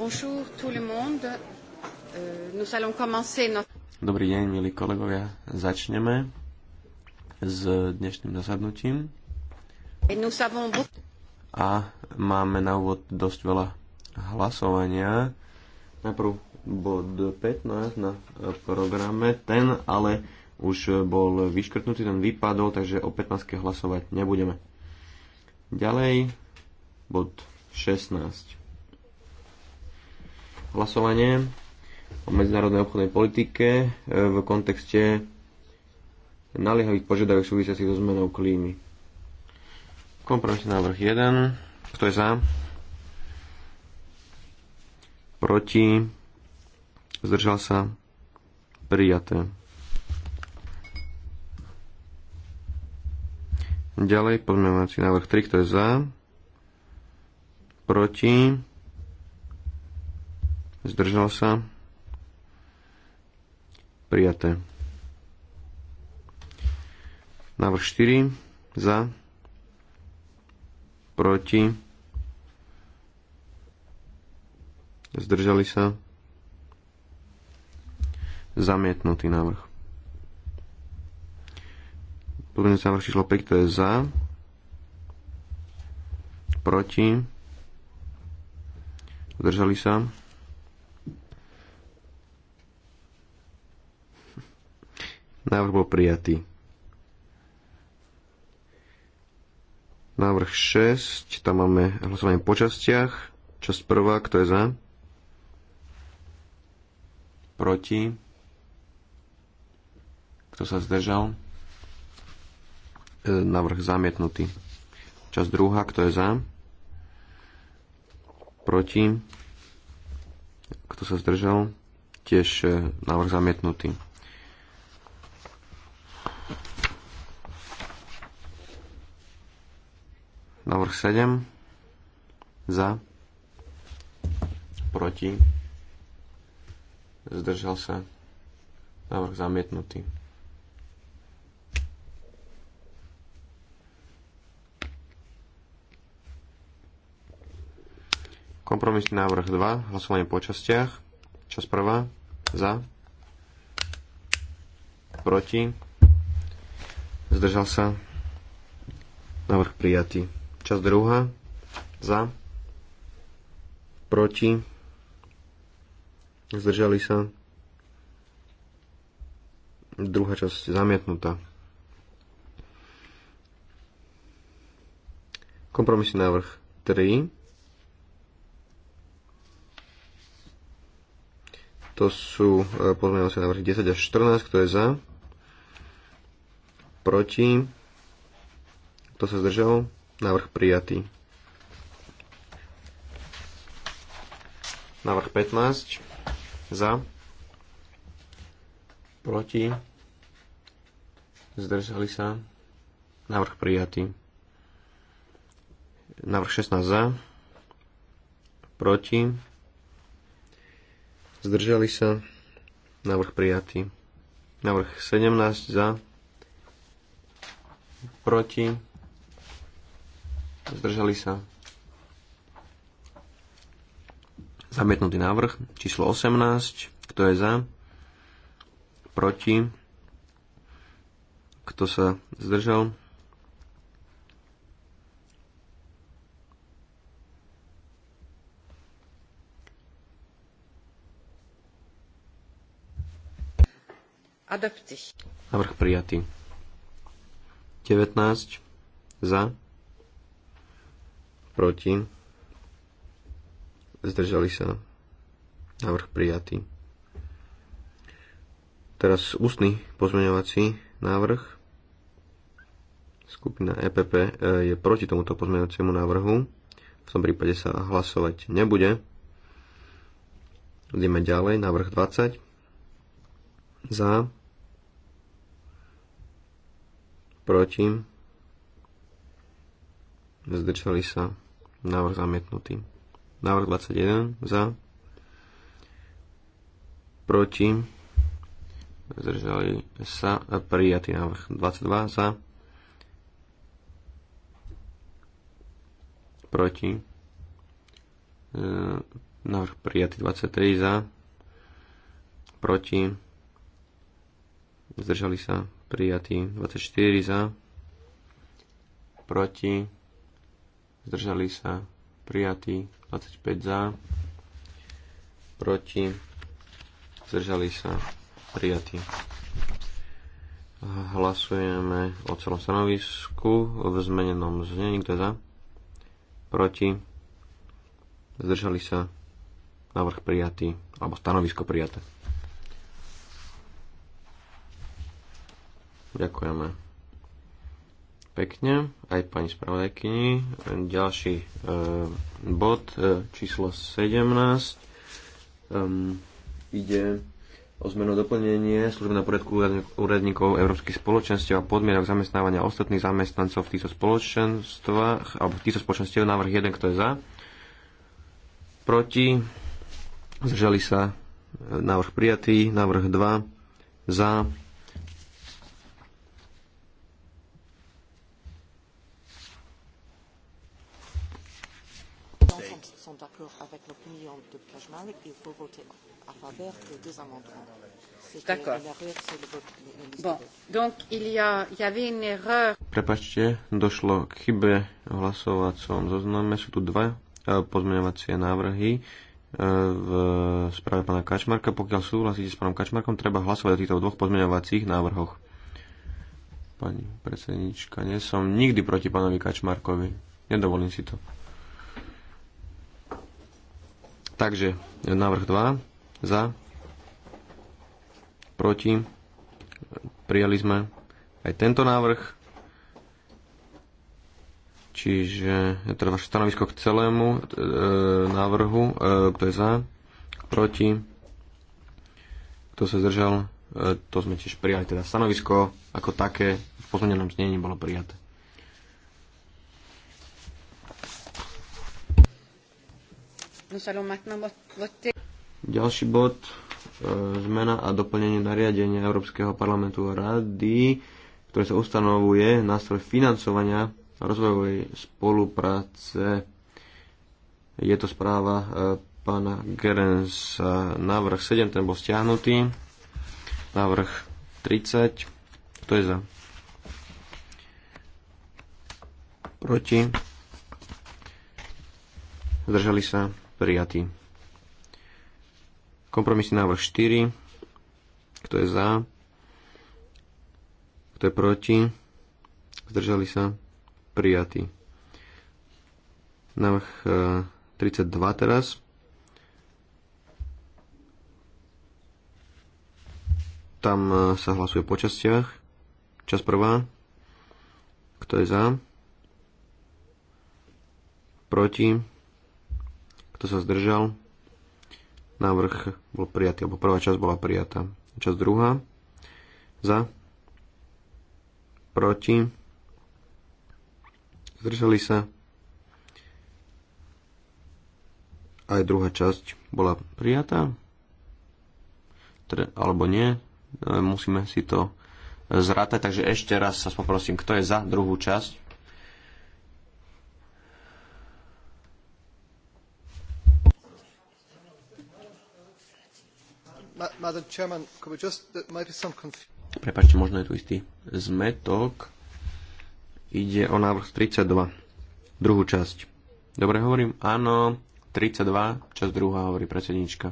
Bonjour tout le monde. Euh, nous allons commencer notre... Dobrý deň, milí kolegovia. Začneme s dnešným zasadnutím. A máme na úvod dosť veľa hlasovania. Najprv bod 15 na programe, ten ale už bol vyškrtnutý, ten vypadol, takže o 15 hlasovať nebudeme. Ďalej bod 16 hlasovanie o medzinárodnej obchodnej politike e, v kontexte naliehavých požiadaviek súvisiacich so zmenou klímy. Kompromisný návrh 1. Kto je za? Proti? Zdržal sa? Prijaté. Ďalej pozmeňovací návrh 3. Kto je za? Proti? Zdržal sa? Prijaté. Návrh 4. Za. Proti. Zdržali sa. Zamietnutý návrh. sa návrh číslo 5, to je za. Proti. Zdržali sa Návrh bol prijatý. Návrh 6, tam máme hlasovanie po častiach. Časť prvá, kto je za? Proti? Kto sa zdržal? E, návrh zamietnutý. Časť druhá, kto je za? Proti? Kto sa zdržal? Tiež e, návrh zamietnutý. Návrh 7. Za. Proti. Zdržal sa. Návrh zamietnutý. Kompromisný návrh 2, hlasovanie po častiach. Čas prvá, za, proti, zdržal sa, návrh prijatý. Časť druhá. Za. Proti. Zdržali sa. Druhá časť zamietnutá. Kompromisný návrh 3. To sú e, pozmeňovacie návrhy 10 až 14, kto je za. Proti. Kto sa zdržal? Návrh prijatý. Návrh 15. Za. Proti. Zdržali sa. Návrh prijatý. Návrh 16 za. Proti. Zdržali sa. Návrh prijatý. Návrh 17 za. Proti zdržali sa. Zamietnutý návrh číslo 18, kto je za, proti, kto sa zdržal. Adapty. Návrh prijatý. 19 za, proti, zdržali sa, návrh prijatý. Teraz ústny pozmeňovací návrh. Skupina EPP e, je proti tomuto pozmeňovaciemu návrhu. V tom prípade sa hlasovať nebude. Ideme ďalej, návrh 20. Za. Proti. Zdržali sa. Návrh zamietnutý. Návrh 21 za. Proti. Zdržali sa. Prijatý návrh 22 za. Proti. E, návrh prijatý 23 za. Proti. Zdržali sa. Prijatý 24 za. Proti zdržali sa, prijatí 25 za, proti, zdržali sa, prijatí. Hlasujeme o celom stanovisku v zmenenom znení, kto je za, proti, zdržali sa, návrh prijatý, alebo stanovisko prijaté. Ďakujeme pekne aj pani spravodajkyni. Ďalší e, bod e, číslo 17 um, ehm, ide o zmenu doplnenie služby na poriadku úradníkov Európskych spoločenstiev a podmienok zamestnávania ostatných zamestnancov v týchto spoločenstvách alebo v týchto spoločenstvách návrh 1, kto je za proti zdržali sa eh, návrh prijatý návrh 2 za de et à faveur des deux amendements. D'accord. Bon. Donc, il y, a, il y avait une erreur. Prepačte, došlo k chybe v hlasovacom zozname. Sú tu dva e, pozmeňovacie návrhy e, v správe pána Kačmarka. Pokiaľ súhlasíte s pánom Kačmarkom, treba hlasovať o týchto dvoch pozmeňovacích návrhoch. Pani predsednička, nie som nikdy proti pánovi Kačmarkovi. Nedovolím si to. Takže návrh 2 za, proti, prijali sme aj tento návrh, čiže je teda vaše stanovisko k celému e, návrhu, e, kto je za, proti, kto sa zdržal, e, to sme tiež prijali, teda stanovisko ako také v pozmenenom znení bolo prijaté. Ďalší bod, e, zmena a doplnenie nariadenia Európskeho parlamentu a rady, ktoré sa ustanovuje nástroj financovania rozvojovej spolupráce. Je to správa e, pána Gerensa. Návrh 7, ten bol stiahnutý. Návrh 30. Kto je za? Proti? Zdržali sa? prijatý. Kompromisný návrh 4. Kto je za? Kto je proti? Zdržali sa? Prijatý. Návrh 32 e, teraz. Tam e, sa hlasuje po častiach. Čas prvá. Kto je za? Proti? Kto sa zdržal? Návrh bol prijatý, alebo prvá časť bola prijatá. Časť druhá. Za. Proti. Zdržali sa. Aj druhá časť bola prijatá. Tre, alebo nie. E, musíme si to e, zrátať. Takže ešte raz sa poprosím, kto je za druhú časť Prepačte, možno je tu istý zmetok. Ide o návrh 32, druhú časť. Dobre hovorím? Áno, 32, časť druhá hovorí predsednička.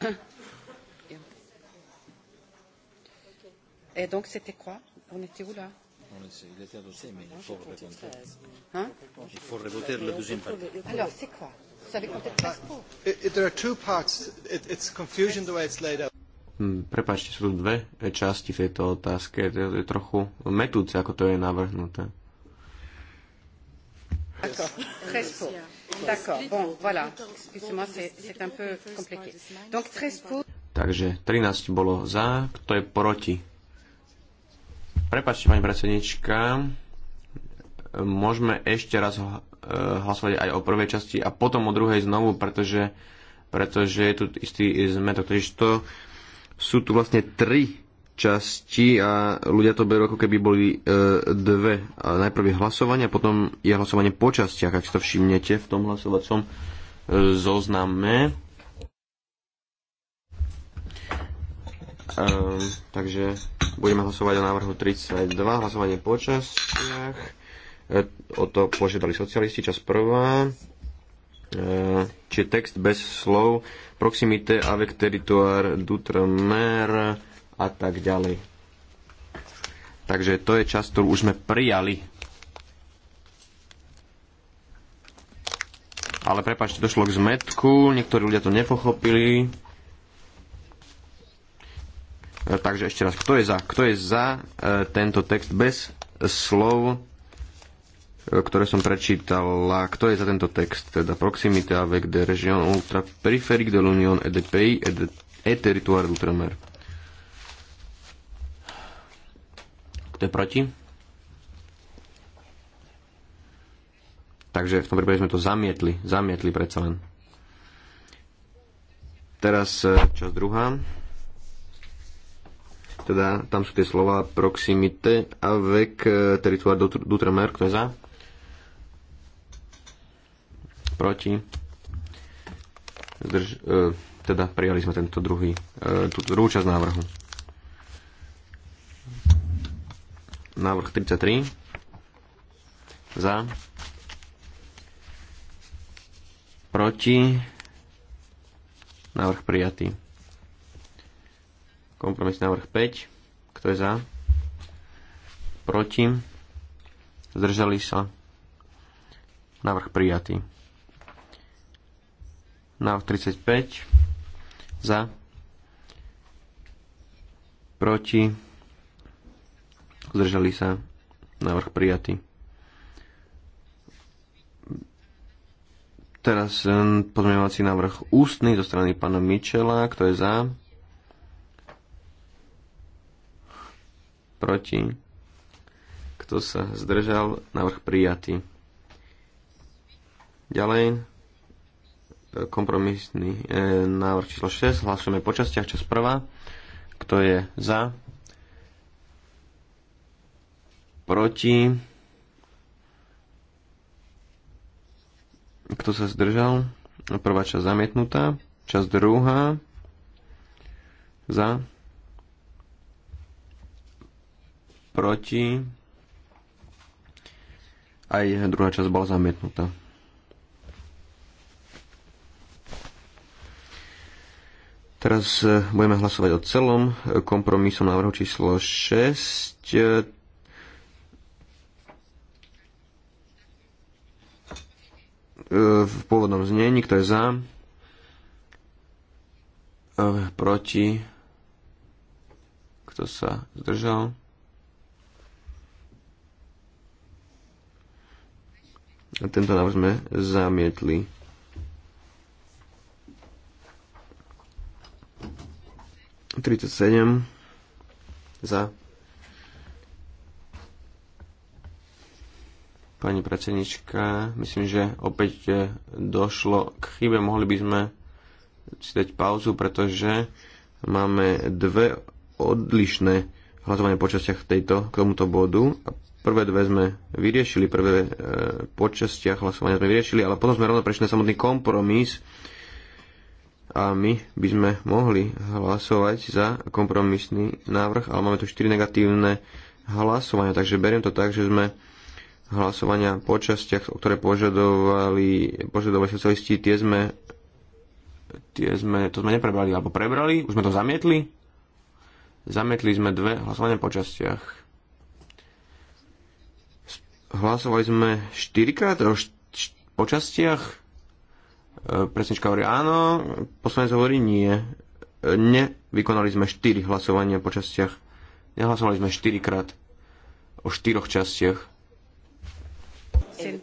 Et donc c'était quoi On était où là Il a été mais il faut recompter. Hein il faut revoter la deuxième partie. Alors, c'est quoi ah, hmm, Prepačte, sú tu dve časti v tejto otázke. To je trochu metúce, ako to je navrhnuté. D'accord, D'accord, bon, voilà. Excusez-moi, c'est un peu compliqué. Donc 13 pour. Takže 13 bolo za, kto je proti? Prepačte, pani predsednička, môžeme ešte raz eh, hlasovať aj o prvej časti a potom o druhej znovu, pretože, pretože je tu istý zmetok. Takže to sú tu vlastne tri časti a ľudia to berú ako keby boli e, dve. A najprv je hlasovanie a potom je hlasovanie po častiach, ak si to všimnete v tom hlasovacom e, zozname. Um, takže budeme hlasovať o návrhu 32, hlasovanie po častiach. E, o to požiadali socialisti, čas prvá. E, či text bez slov, proximité avec territoire d'outre-mer a tak ďalej. Takže to je čas, ktorú už sme prijali. Ale prepáčte, došlo k zmetku, niektorí ľudia to nepochopili. E, takže ešte raz, kto je za? Kto je za e, tento text bez slov, e, ktoré som prečítala? Kto je za tento text? Teda proximité avec de régions ultra-périphériques de l'Union et de pays et, de, et territoires d'outre-mer. Kto je proti? Takže v tom prípade sme to zamietli. Zamietli predsa len. Teraz e, čas druhá. Teda tam sú tie slova proximité avec e, territoire d'outre-mer. Kto je za? Proti? Zdrž, e, teda prijali sme tento druhý, e, túto druhú časť návrhu. Návrh 33. Za. Proti. Návrh prijatý. Kompromisný návrh 5. Kto je za? Proti? Zdržali sa? Návrh prijatý. Návrh 35. Za? Proti? Zdržali sa? Návrh prijatý. Teraz hm, pozmeňovací návrh ústny zo strany pána Mičela. Kto je za? proti, kto sa zdržal, návrh prijatý. Ďalej, kompromisný e, návrh číslo 6, hlasujeme po častiach, čas prvá, kto je za, proti, kto sa zdržal, prvá časť zamietnutá, časť druhá, za, proti. Aj druhá časť bola zamietnutá. Teraz eh, budeme hlasovať o celom eh, kompromisom návrhu číslo 6. Eh, v pôvodnom znení, kto je za, proti, kto sa zdržal, A Tento návrh sme zamietli. Tridsať sedem za. Pani predsednička, myslím, že opäť e, došlo k chybe. Mohli by sme si dať pauzu, pretože máme dve odlišné hlasovanie počasťach tejto, k tomuto bodu. A Prvé dve sme vyriešili, prvé e, hlasovania sme vyriešili, ale potom sme rovno prešli na samotný kompromis a my by sme mohli hlasovať za kompromisný návrh, ale máme tu 4 negatívne hlasovania, takže beriem to tak, že sme hlasovania po častiach, o ktoré požadovali, požadovali socialisti, tie sme, tie sme, to sme neprebrali, alebo prebrali, už sme to zamietli. Zamietli sme dve hlasovania po častiach Hlasovali sme štyrikrát krát o, št- o častiach. E, presnička hovorí áno, poslanec hovorí nie. E, ne, vykonali sme štyri hlasovania po častiach. Nehlasovali sme štyrikrát o štyroch častiach. Chair,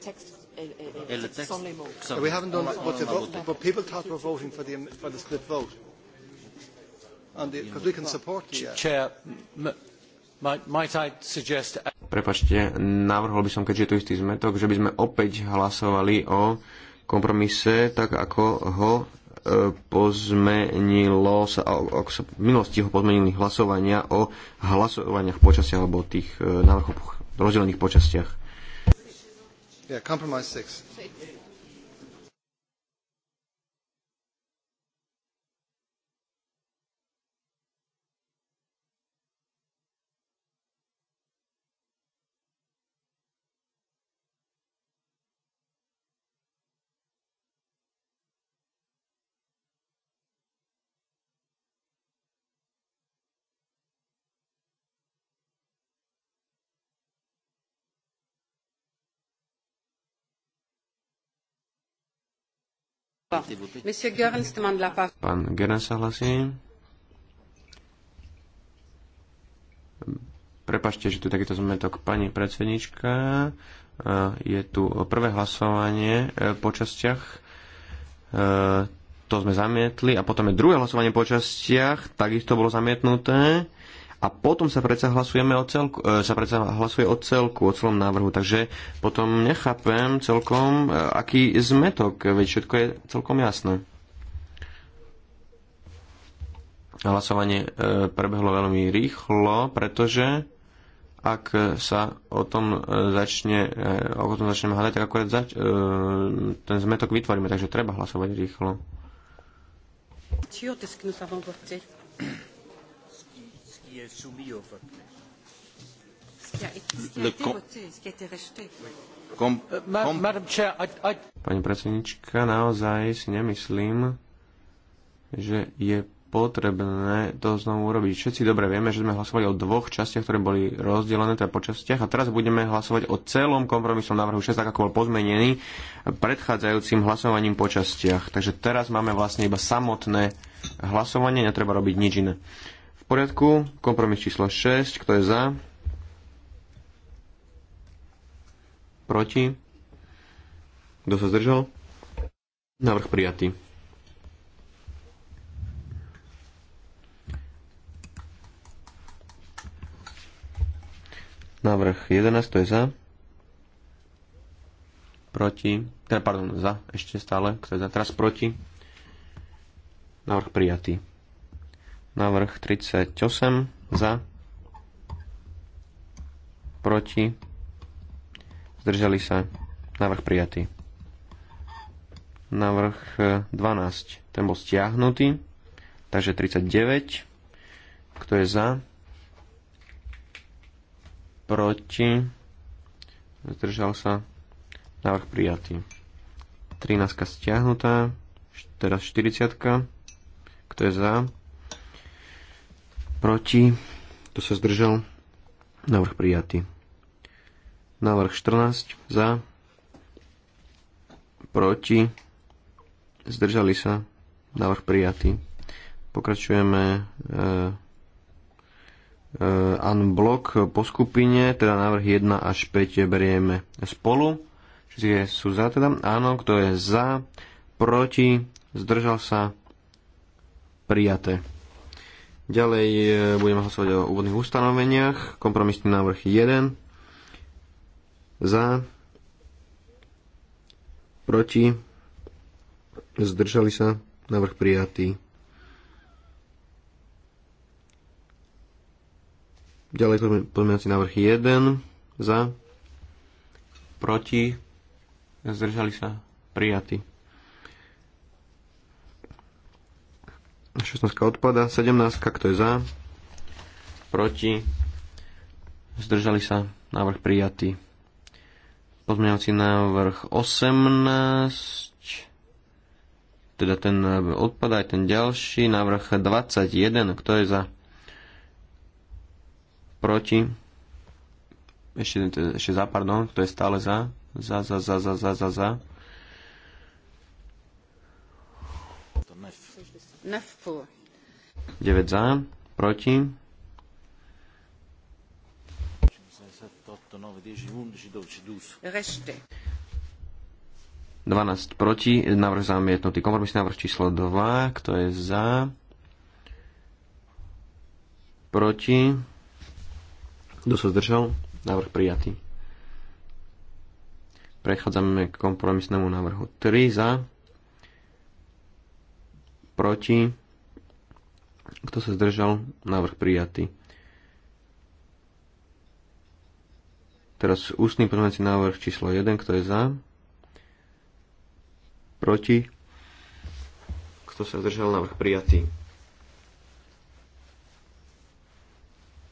Prepačte, navrhol by som, keďže je to istý zmetok, že by sme opäť hlasovali o kompromise, tak ako ho e, pozmenilo sa, ako sa v minulosti ho pozmenili hlasovania o hlasovaniach počasiach alebo tých e, návrhoch rozdelených počastiach. Yeah, compromise 6. Pán Geran sa hlasí. Prepašte, že tu takýto zmetok. Pani predsednička, je tu prvé hlasovanie e, po častiach. E, to sme zamietli. A potom je druhé hlasovanie po častiach. Takisto bolo zamietnuté a potom sa predsa, hlasujeme o celku, e, sa predsa hlasuje o celku, o celom návrhu. Takže potom nechápem celkom, e, aký zmetok, veď všetko je celkom jasné. Hlasovanie e, prebehlo veľmi rýchlo, pretože ak sa o tom začne, o tom začneme hľadať, tak akurát zač- ten zmetok vytvoríme, takže treba hlasovať rýchlo. Sûr de est soumis au vote. Pani predsednička, naozaj si nemyslím, že je potrebné to znovu urobiť. Všetci dobre vieme, že sme hlasovali o dvoch častiach, ktoré boli rozdelené teda po častiach a teraz budeme hlasovať o celom kompromisnom návrhu 6, tak ako bol pozmenený predchádzajúcim hlasovaním po častiach. Takže teraz máme vlastne iba samotné hlasovanie, netreba robiť nič iné poriadku, kompromis číslo 6, kto je za? Proti? Kto sa zdržal? Návrh prijatý. Návrh 11, to je za. Proti. Teda, pardon, za, ešte stále. Kto je za? Teraz proti. Návrh prijatý. Návrh 38 za, proti, zdržali sa, návrh prijatý. Návrh 12, e, ten bol stiahnutý, takže 39, kto je za, proti, zdržal sa, návrh prijatý. 13 stiahnutá, teraz 40, kto je za, Proti. Kto sa zdržal? Návrh prijatý. Návrh 14. Za. Proti. Zdržali sa. Návrh prijatý. Pokračujeme eh, eh, unblock po skupine, teda návrh 1 až 5 berieme spolu. Všetci sú za teda? Áno, kto je za, proti, zdržal sa, prijaté. Ďalej e, budeme hlasovať o úvodných ustanoveniach. Kompromisný návrh 1. Za. Proti. Zdržali sa. Návrh prijatý. Ďalej pozmeňovací návrh 1. Za. Proti. Zdržali sa. Prijatý. 16 odpada, 17, kto je za? Proti? Zdržali sa? Návrh prijatý. Pozmeňovací návrh 18, teda ten odpada aj ten ďalší. Návrh 21, kto je za? Proti? Ešte, ešte za, pardon, kto je stále za? Za, za, za, za, za, za, za. 9 za, proti. 12 proti, návrh zamietnutý. Kompromisný návrh číslo 2, kto je za, proti, kto sa zdržal, návrh prijatý. Prechádzame k kompromisnému návrhu 3 za, proti, kto sa zdržal, návrh prijatý. Teraz ústny pozmeňovací návrh číslo 1, kto je za, proti, kto sa zdržal, návrh prijatý.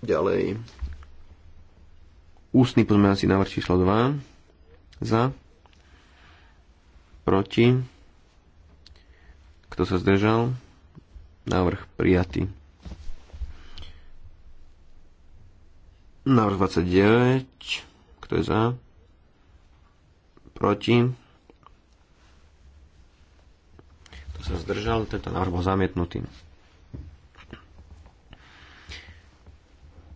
Ďalej. Ústny pozmeňovací návrh číslo 2, za, proti, kto sa zdržal? Návrh prijatý. Návrh 29. Kto je za? Proti? Kto sa zdržal? Tento návrh bol zamietnutý.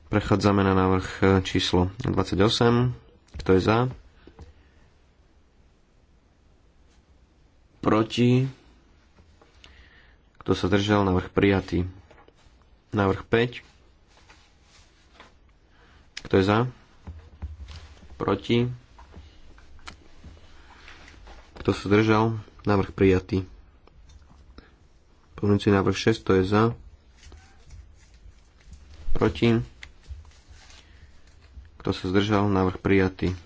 Prechádzame na návrh číslo 28. Kto je za? Proti? Kto sa zdržal? Návrh prijatý. Návrh 5. Kto je za? Proti? Kto sa držal, Návrh prijatý. Pozmeňujúci návrh 6, to je za. Proti. Kto sa zdržal? Návrh prijatý.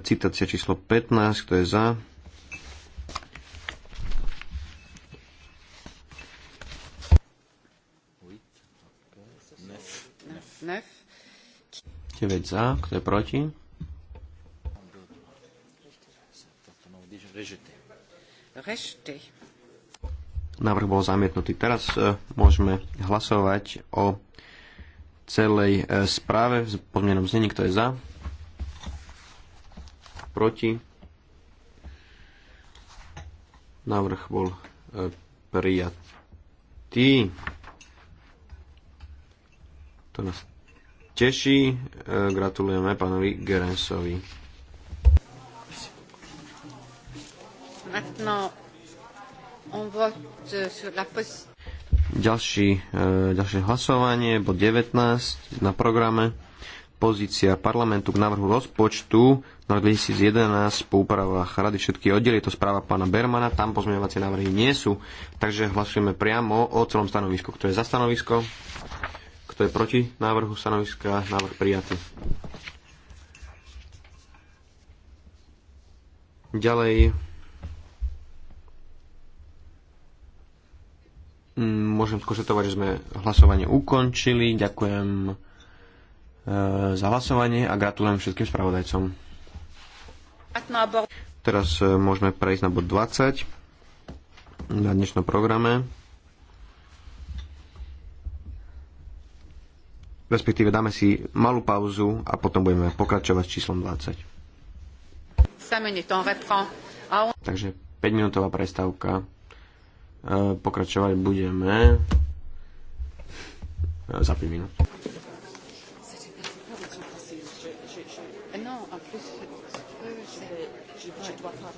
Citácia číslo 15, kto je za. 9 za, kto je proti? Návrh bol zamietnutý. Teraz e, môžeme hlasovať o celej e, správe v podmienom znení, kto je za, proti. Návrh bol e, prijatý. To nás teší. E, gratulujeme pánovi Gerensovi. Euh, Ďalší, e, ďalšie hlasovanie, bod 19 na programe. Pozícia parlamentu k návrhu rozpočtu na 2011 po úpravách rady všetky oddiely, je to správa pána Bermana, tam pozmeňovacie návrhy nie sú, takže hlasujeme priamo o celom stanovisku. Kto je za stanovisko? Kto je proti návrhu stanoviska? Návrh prijatý. Ďalej mm, môžem skonštatovať, že sme hlasovanie ukončili. Ďakujem e, za hlasovanie a gratulujem všetkým spravodajcom. Teraz e, môžeme prejsť na bod 20 na dnešnom programe. respektíve dáme si malú pauzu a potom budeme pokračovať s číslom 20. Takže 5-minútová prestávka. Pokračovať budeme za 5 minút. Je dois pas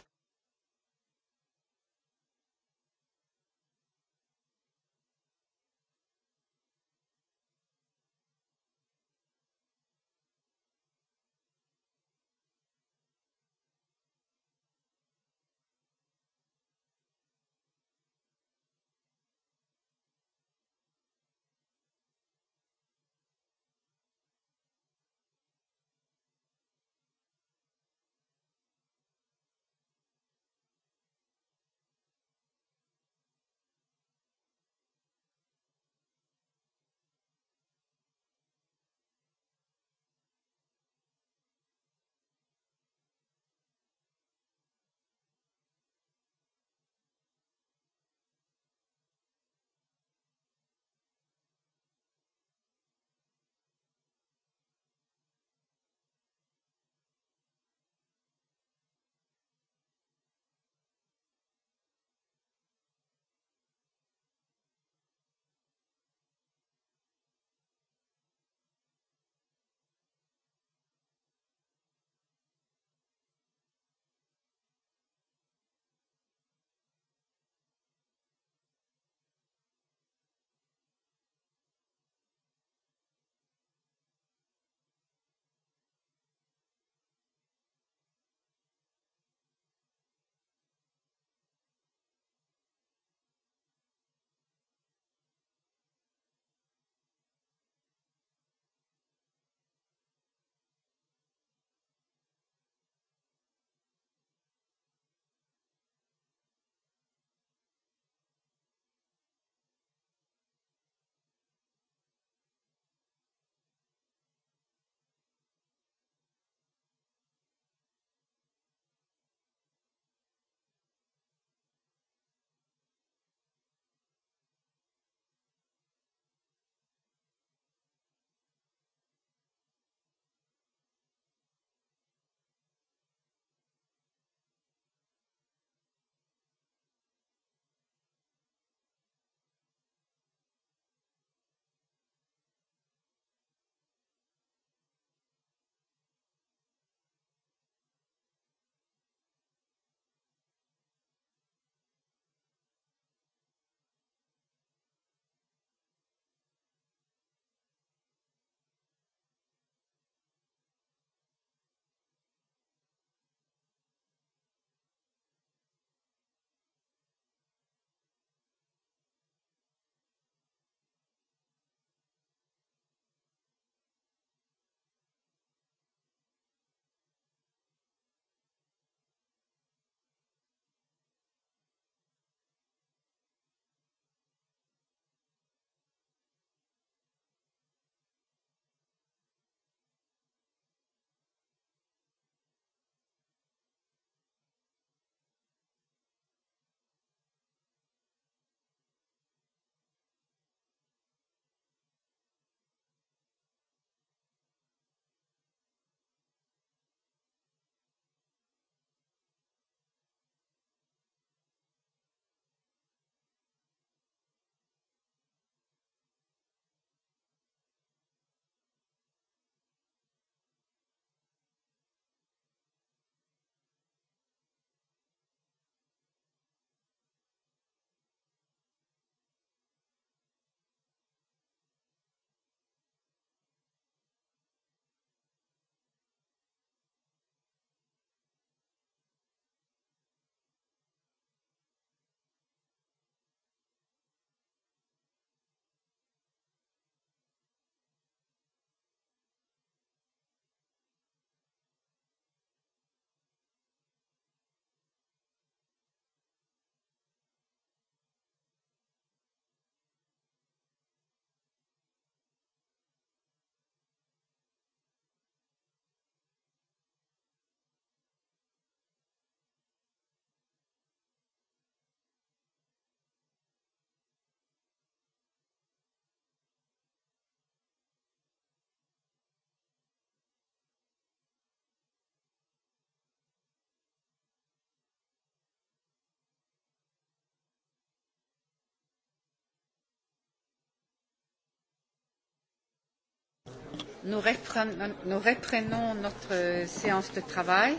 Nous reprenons, notre séance de travail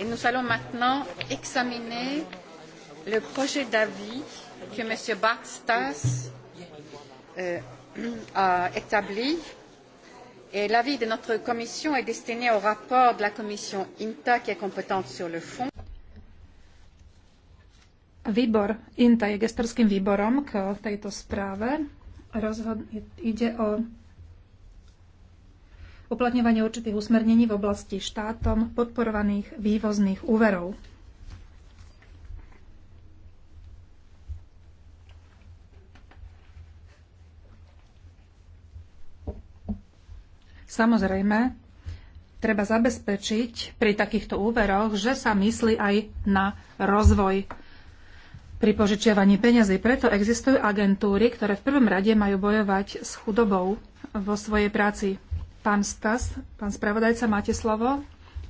et nous allons maintenant examiner le projet d'avis que M. Bart euh, a établi. Et l'avis de notre commission est destiné au rapport de la commission INTA qui est compétente sur le fond. Výbor INTA je gestorským výborom k tejto správe. Rozhod- ide o uplatňovanie určitých usmernení v oblasti štátom podporovaných vývozných úverov. Samozrejme, treba zabezpečiť pri takýchto úveroch, že sa myslí aj na rozvoj pri požičiavaní peňazí. Preto existujú agentúry, ktoré v prvom rade majú bojovať s chudobou vo svojej práci. Pán Stas, pán spravodajca, máte slovo.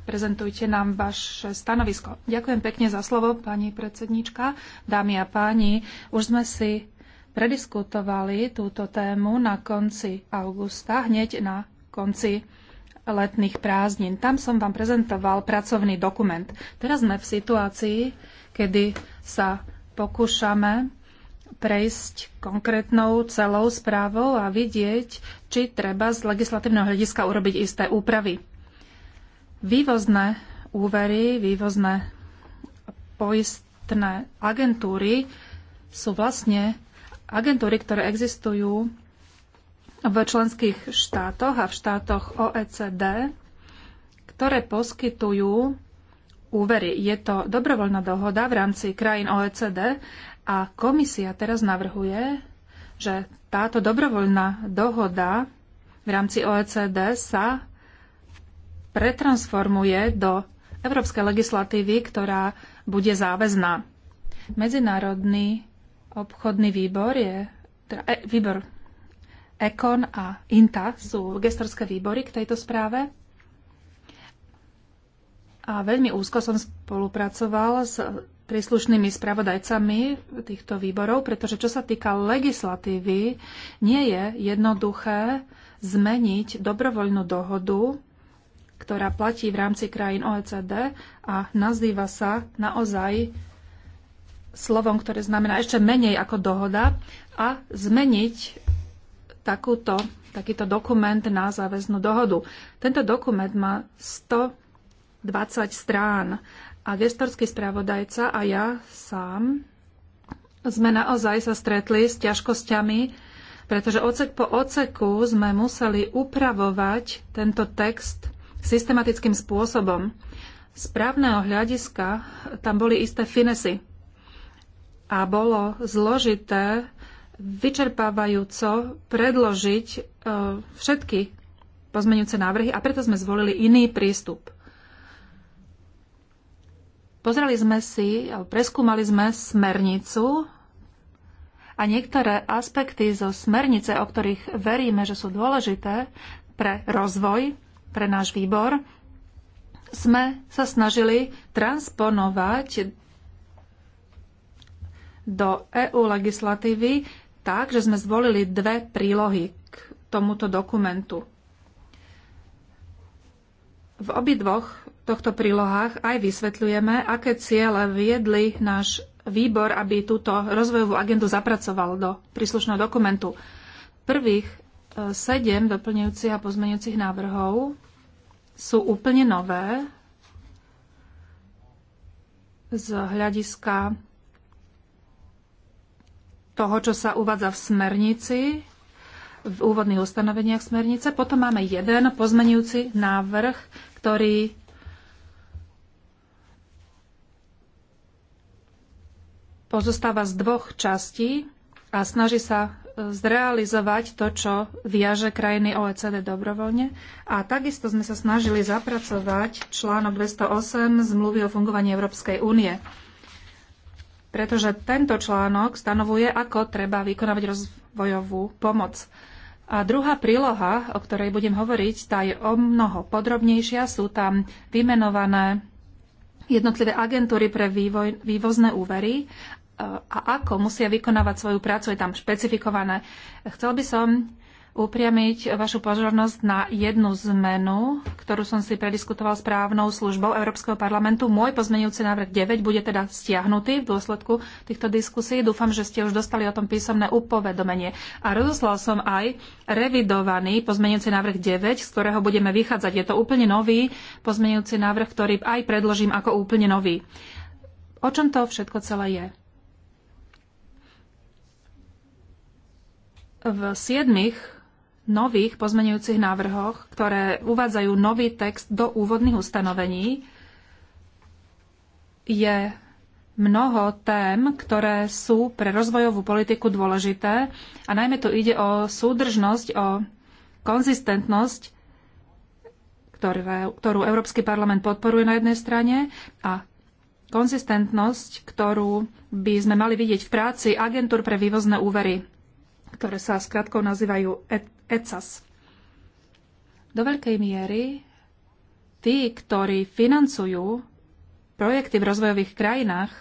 Prezentujte nám vaše stanovisko. Ďakujem pekne za slovo, pani predsednička. Dámy a páni, už sme si prediskutovali túto tému na konci augusta, hneď na konci letných prázdnin. Tam som vám prezentoval pracovný dokument. Teraz sme v situácii, kedy sa pokúšame prejsť konkrétnou celou správou a vidieť, či treba z legislatívneho hľadiska urobiť isté úpravy. Vývozné úvery, vývozné poistné agentúry sú vlastne agentúry, ktoré existujú v členských štátoch a v štátoch OECD, ktoré poskytujú úvery. Je to dobrovoľná dohoda v rámci krajín OECD a komisia teraz navrhuje, že táto dobrovoľná dohoda v rámci OECD sa pretransformuje do európskej legislatívy, ktorá bude záväzná. Medzinárodný obchodný výbor je teda e, výbor Econ a INTA sú gestorské výbory k tejto správe. A veľmi úzko som spolupracoval s príslušnými spravodajcami týchto výborov, pretože čo sa týka legislatívy, nie je jednoduché zmeniť dobrovoľnú dohodu, ktorá platí v rámci krajín OECD a nazýva sa naozaj slovom, ktoré znamená ešte menej ako dohoda a zmeniť takúto, takýto dokument na záväznú dohodu. Tento dokument má 120 strán a gestorský spravodajca a ja sám sme naozaj sa stretli s ťažkosťami, pretože ocek po oceku sme museli upravovať tento text systematickým spôsobom. Z právneho hľadiska tam boli isté finesy a bolo zložité vyčerpávajúco predložiť e, všetky pozmeňujúce návrhy a preto sme zvolili iný prístup. Pozreli sme si, preskúmali sme smernicu a niektoré aspekty zo smernice, o ktorých veríme, že sú dôležité pre rozvoj, pre náš výbor, sme sa snažili transponovať do EU legislatívy tak, že sme zvolili dve prílohy k tomuto dokumentu. V obidvoch tohto prílohách aj vysvetľujeme, aké ciele viedli náš výbor, aby túto rozvojovú agendu zapracoval do príslušného dokumentu. Prvých e, sedem doplňujúcich a pozmeňujúcich návrhov sú úplne nové z hľadiska toho, čo sa uvádza v smernici, v úvodných ustanoveniach smernice. Potom máme jeden pozmeňujúci návrh, ktorý pozostáva z dvoch častí a snaží sa e, zrealizovať to, čo viaže krajiny OECD dobrovoľne. A takisto sme sa snažili zapracovať článok 208 zmluvy o fungovaní Európskej únie. Pretože tento článok stanovuje, ako treba vykonávať rozvojovú pomoc. A druhá príloha, o ktorej budem hovoriť, tá je o mnoho podrobnejšia. Sú tam vymenované jednotlivé agentúry pre vývoj, vývozné úvery a ako musia vykonávať svoju prácu, je tam špecifikované. Chcel by som upriamiť vašu pozornosť na jednu zmenu, ktorú som si prediskutoval s právnou službou Európskeho parlamentu. Môj pozmenujúci návrh 9 bude teda stiahnutý v dôsledku týchto diskusí. Dúfam, že ste už dostali o tom písomné upovedomenie. A rozoslal som aj revidovaný pozmenujúci návrh 9, z ktorého budeme vychádzať. Je to úplne nový pozmenujúci návrh, ktorý aj predložím ako úplne nový. O čom to všetko celé je? V siedmých nových pozmenujúcich návrhoch, ktoré uvádzajú nový text do úvodných ustanovení, je mnoho tém, ktoré sú pre rozvojovú politiku dôležité a najmä tu ide o súdržnosť, o konzistentnosť, ktoré, ktorú Európsky parlament podporuje na jednej strane a konzistentnosť, ktorú by sme mali vidieť v práci agentúr pre vývozné úvery ktoré sa skratkou nazývajú e- ECAS. Do veľkej miery tí, ktorí financujú projekty v rozvojových krajinách,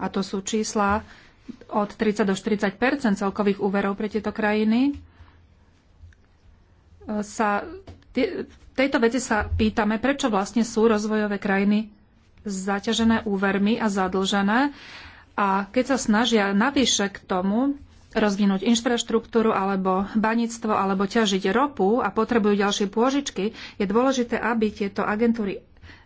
a to sú čísla od 30 do 40 celkových úverov pre tieto krajiny, e, sa, v tejto veci sa pýtame, prečo vlastne sú rozvojové krajiny zaťažené úvermi a zadlžené. A keď sa snažia navyše k tomu rozvinúť infraštruktúru alebo baníctvo alebo ťažiť ropu a potrebujú ďalšie pôžičky, je dôležité, aby tieto agentúry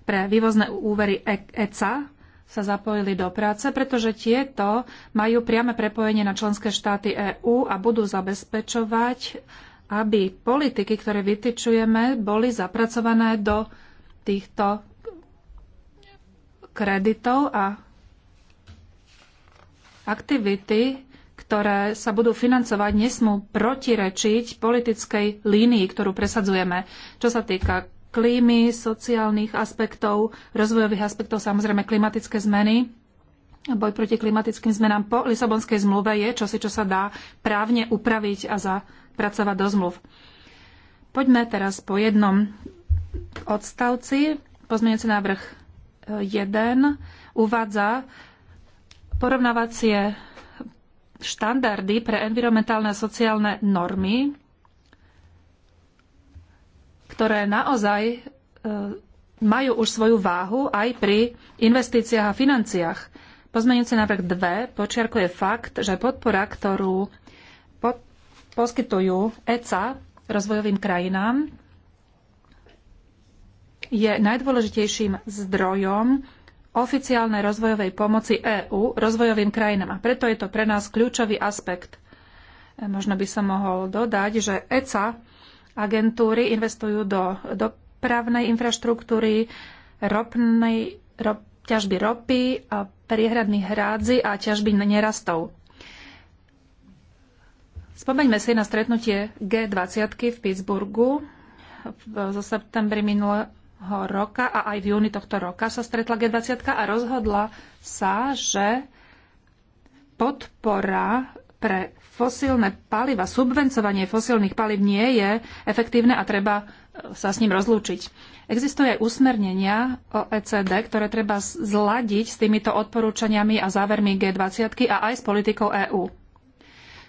pre vývozné úvery e- ECA sa zapojili do práce, pretože tieto majú priame prepojenie na členské štáty EÚ a budú zabezpečovať, aby politiky, ktoré vytyčujeme, boli zapracované do týchto kreditov a Aktivity, ktoré sa budú financovať, nesmú protirečiť politickej línii, ktorú presadzujeme. Čo sa týka klímy, sociálnych aspektov, rozvojových aspektov, samozrejme klimatické zmeny. Boj proti klimatickým zmenám po Lisabonskej zmluve je čosi, čo sa dá právne upraviť a zapracovať do zmluv. Poďme teraz po jednom odstavci. Pozmeňujúci návrh 1 eh, uvádza, Porovnávacie štandardy pre environmentálne a sociálne normy, ktoré naozaj e, majú už svoju váhu aj pri investíciách a financiách. Pozmeňujúci návrh 2 počiarkuje fakt, že podpora, ktorú pod, poskytujú ECA rozvojovým krajinám, je najdôležitejším zdrojom oficiálnej rozvojovej pomoci EÚ rozvojovým krajinám. A preto je to pre nás kľúčový aspekt. E, možno by som mohol dodať, že ECA agentúry investujú do dopravnej infraštruktúry, ropnej, rop, ťažby ropy, a priehradných hrádzi a ťažby nerastov. Spomeňme si na stretnutie G20 v Pittsburghu zo septembri minulého roka a aj v júni tohto roka sa stretla G20 a rozhodla sa, že podpora pre fosílne paliva, subvencovanie fosílnych paliv nie je efektívne a treba e, sa s ním rozlúčiť. Existuje aj usmernenia OECD, ktoré treba zladiť s týmito odporúčaniami a závermi G20 a aj s politikou EÚ.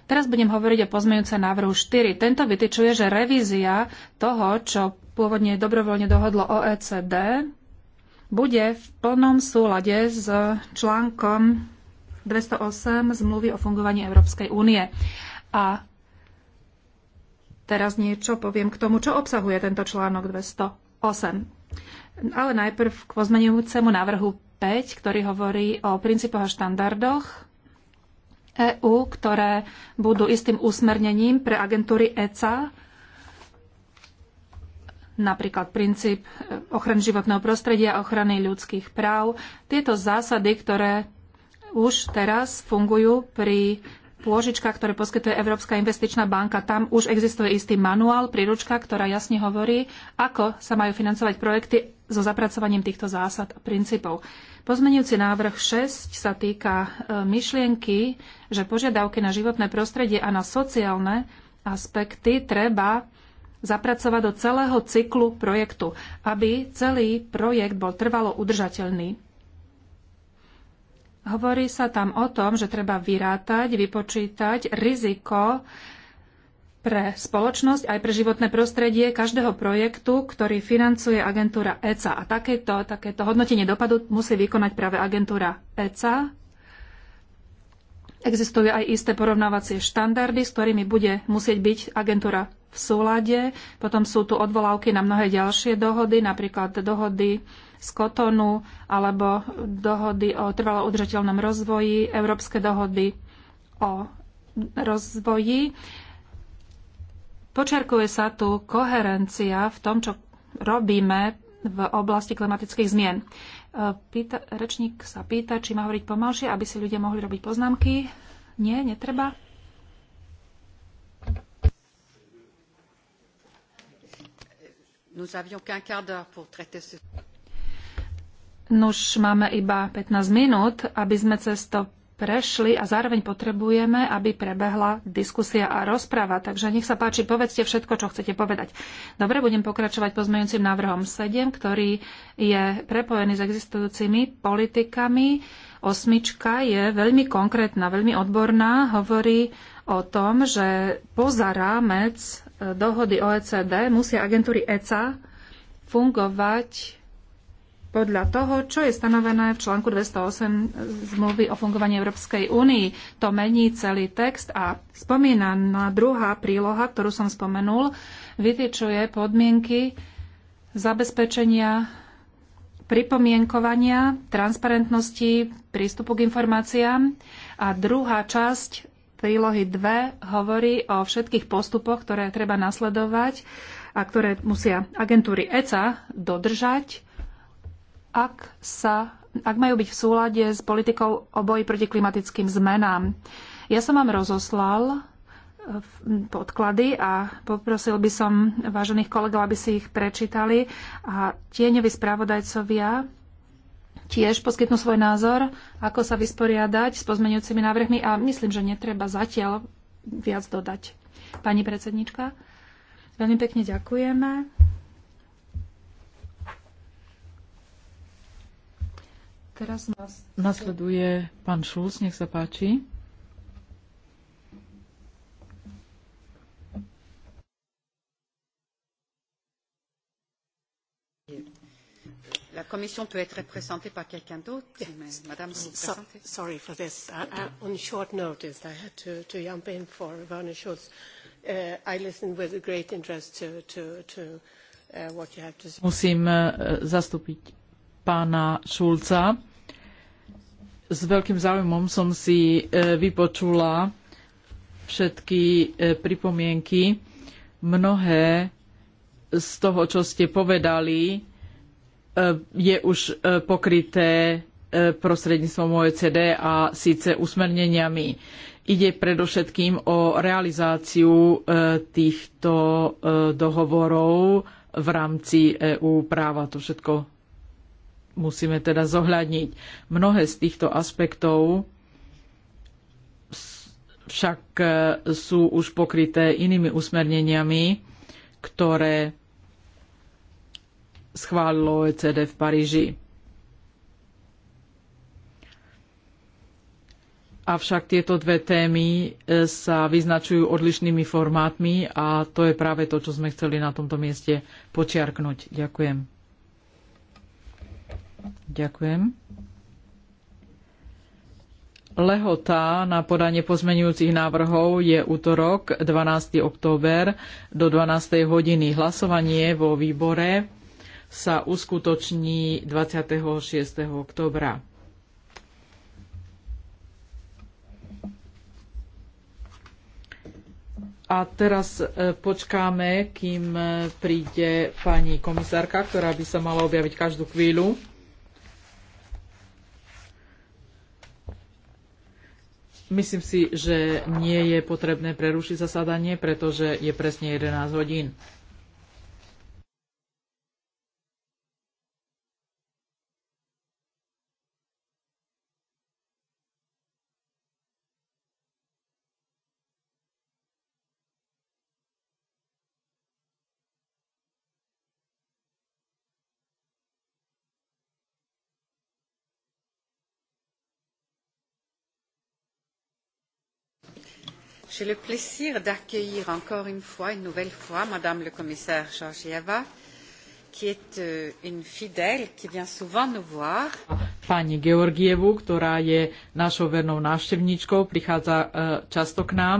Teraz budem hovoriť o pozmeňujúce návrhu 4. Tento vytyčuje, že revízia toho, čo pôvodne dobrovoľne dohodlo OECD, bude v plnom súlade s článkom 208 zmluvy o fungovaní Európskej únie. A teraz niečo poviem k tomu, čo obsahuje tento článok 208. Ale najprv k pozmenujúcemu návrhu 5, ktorý hovorí o princípoch a štandardoch EÚ, ktoré budú istým usmernením pre agentúry ECA napríklad princíp e, ochrany životného prostredia, ochrany ľudských práv. Tieto zásady, ktoré už teraz fungujú pri pôžičkách, ktoré poskytuje Európska investičná banka. Tam už existuje istý manuál, príručka, ktorá jasne hovorí, ako sa majú financovať projekty so zapracovaním týchto zásad a princípov. Pozmenujúci návrh 6 sa týka e, myšlienky, že požiadavky na životné prostredie a na sociálne aspekty treba zapracovať do celého cyklu projektu, aby celý projekt bol trvalo udržateľný. Hovorí sa tam o tom, že treba vyrátať, vypočítať riziko pre spoločnosť aj pre životné prostredie každého projektu, ktorý financuje agentúra ECA. A takéto, takéto hodnotenie dopadu musí vykonať práve agentúra ECA. Existujú aj isté porovnávacie štandardy, s ktorými bude musieť byť agentúra v súlade. Potom sú tu odvolávky na mnohé ďalšie dohody, napríklad dohody z Kotonu alebo dohody o trvalo udržateľnom rozvoji, európske dohody o rozvoji. Počerkuje sa tu koherencia v tom, čo robíme v oblasti klimatických zmien. Pýta, rečník sa pýta, či má hovoriť pomalšie, aby si ľudia mohli robiť poznámky. Nie, netreba. Nous avions Nuž máme iba 15 minút, aby sme cez to prešli a zároveň potrebujeme, aby prebehla diskusia a rozprava. Takže nech sa páči, povedzte všetko, čo chcete povedať. Dobre, budem pokračovať pozmeňujúcim návrhom 7, ktorý je prepojený s existujúcimi politikami. Osmička je veľmi konkrétna, veľmi odborná, hovorí o tom, že poza rámec dohody OECD musia agentúry ECA fungovať podľa toho, čo je stanovené v článku 208 zmluvy o fungovaní Európskej únii. To mení celý text a spomínaná druhá príloha, ktorú som spomenul, vytýčuje podmienky zabezpečenia pripomienkovania, transparentnosti, prístupu k informáciám a druhá časť prílohy 2 hovorí o všetkých postupoch, ktoré treba nasledovať a ktoré musia agentúry ECA dodržať, ak, sa, ak majú byť v súlade s politikou o boji proti klimatickým zmenám. Ja som vám rozoslal eh, podklady a poprosil by som vážených kolegov, aby si ich prečítali. A tieňoví spravodajcovia tiež poskytnú svoj názor, ako sa vysporiadať s pozmeňujúcimi návrhmi a myslím, že netreba zatiaľ viac dodať. Pani predsednička, veľmi pekne ďakujeme. Teraz nás nasleduje pán Šulc, nech sa páči. Commission peut être représentée par quelqu'un d'autre. Yes. Mais Madame, vous so, présentez. Sorry for this. I, on short notice, I had to, to jump in for Werner Schulz. Uh, I listened with great interest to, to, to uh, what you have to say. Musím uh, zastúpiť pána Šulca. S veľkým záujmom som si uh, vypočula všetky uh, pripomienky. Mnohé z toho, čo ste povedali, E, je už e, pokryté e, prostredníctvom OECD a síce usmerneniami. Ide predovšetkým o realizáciu týchto dohovorov v rámci EÚ práva. To všetko musíme teda zohľadniť. Mnohé z týchto aspektov však sú už pokryté inými usmerneniami, ktoré schválilo OECD v Paríži. Avšak tieto dve témy e, sa vyznačujú odlišnými formátmi a to je práve to, čo sme chceli na tomto mieste počiarknúť. Ďakujem. Ďakujem. Lehota na podanie pozmenujúcich návrhov je útorok 12. október do 12. hodiny. Hlasovanie vo výbore sa uskutoční 26. oktobra. A teraz e, počkáme, kým e, príde pani komisárka, ktorá by sa mala objaviť každú chvíľu. Myslím si, že nie je potrebné prerušiť zasadanie, pretože je presne 11 hodín. j'ai le plaisir d'accueillir encore une fois une nouvelle fois mme la commissaire georgieva qui est euh, une fidèle qui vient souvent nous voir. Pani Georgievu, ktorá je našou vernou návštevníčkou, prichádza e, často k nám.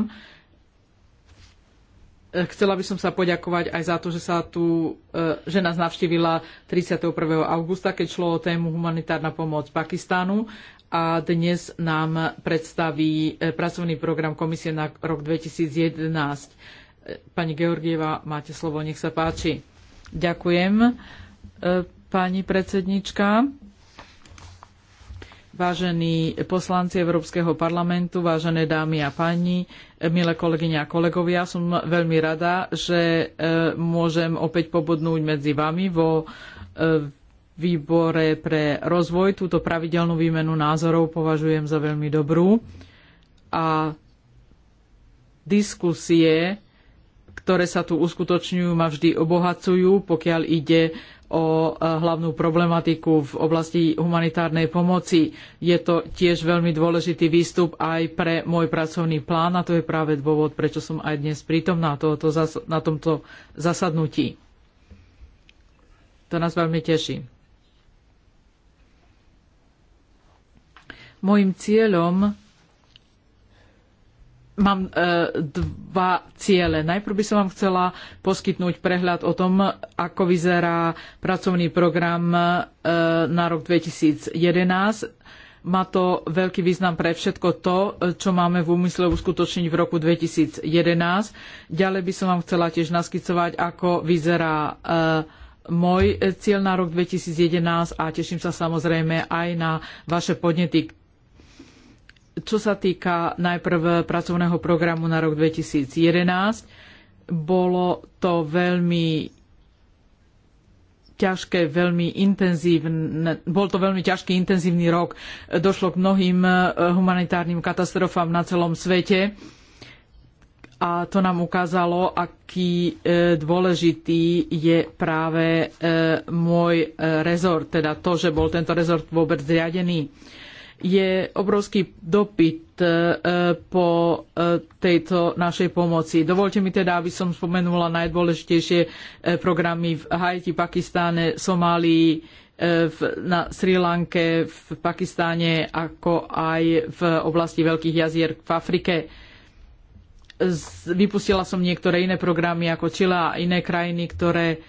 E, chcela by som sa poďakovať aj za to, že, sa tu, e, že nás navštívila 31. augusta, keď šlo o tému humanitárna pomoc Pakistánu a dnes nám predstaví e, pracovný program komisie na rok 2011. Pani Georgieva, máte slovo, nech sa páči. Ďakujem, pani predsednička. Vážení poslanci Európskeho parlamentu, vážené dámy a páni, milé kolegyne a kolegovia, som veľmi rada, že e, môžem opäť pobodnúť medzi vami vo e, výbore pre rozvoj. Túto pravidelnú výmenu názorov považujem za veľmi dobrú a diskusie, ktoré sa tu uskutočňujú, ma vždy obohacujú, pokiaľ ide o e, hlavnú problematiku v oblasti humanitárnej pomoci. Je to tiež veľmi dôležitý výstup aj pre môj pracovný plán a to je práve dôvod, prečo som aj dnes prítomná na tomto zasadnutí. To nás veľmi teší. Mojím cieľom mám e, dva ciele. Najprv by som vám chcela poskytnúť prehľad o tom, ako vyzerá pracovný program e, na rok 2011. Má to veľký význam pre všetko to, čo máme v úmysle uskutočniť v roku 2011. Ďalej by som vám chcela tiež naskicovať, ako vyzerá e, môj cieľ na rok 2011 a teším sa samozrejme aj na vaše podnety čo sa týka najprv pracovného programu na rok 2011, bolo to veľmi ťažké, veľmi intenzívne, bol to veľmi ťažký, intenzívny rok. Došlo k mnohým eh, humanitárnym katastrofám na celom svete a to nám ukázalo, aký eh, dôležitý je práve eh, môj rezort, teda to, že bol tento rezort vôbec zriadený je obrovský dopyt e, po e, tejto našej pomoci. Dovolte mi teda, aby som spomenula najdôležitejšie e, programy v Haiti, Pakistáne, Somálii, na Sri Lanke, v Pakistáne, ako aj v oblasti Veľkých jazier v Afrike. Vypustila som niektoré iné programy ako Čila a iné krajiny, ktoré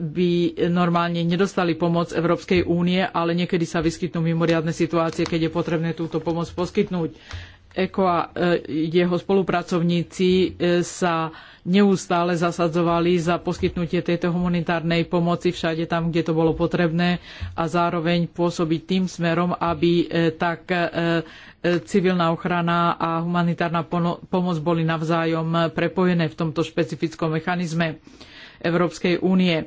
by normálne nedostali pomoc Európskej únie, ale niekedy sa vyskytnú mimoriadne situácie, keď je potrebné túto pomoc poskytnúť. ECO a e, jeho spolupracovníci e, sa neustále zasadzovali za poskytnutie tejto humanitárnej pomoci všade tam, kde to bolo potrebné a zároveň pôsobiť tým smerom, aby e, tak civilná ochrana a humanitárna pomoc boli navzájom prepojené v tomto špecifickom mechanizme. Európskej únie. E,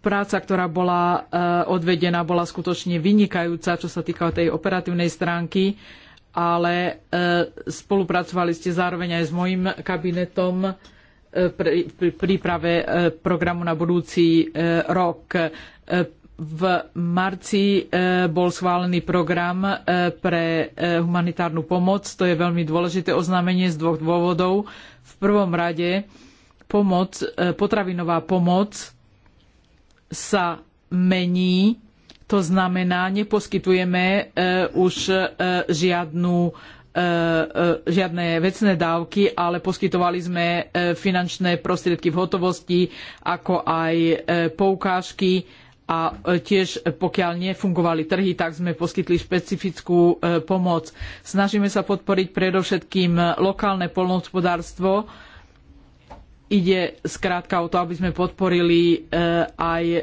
práca, ktorá bola e, odvedená, bola skutočne vynikajúca, čo sa týka tej operatívnej stránky, ale e, spolupracovali ste zároveň aj s mojim kabinetom pri príprave programu na budúci rok. V marci bol schválený program pre humanitárnu pomoc. To je veľmi dôležité oznámenie z dvoch dôvodov. V prvom rade pomoc, e, potravinová pomoc sa mení. To znamená, neposkytujeme e, už e, žiadnu žiadne vecné dávky, ale poskytovali sme finančné prostriedky v hotovosti, ako aj poukážky a tiež pokiaľ nefungovali trhy, tak sme poskytli špecifickú pomoc. Snažíme sa podporiť predovšetkým lokálne poľnohospodárstvo, Ide skrátka o to, aby sme podporili e, aj e,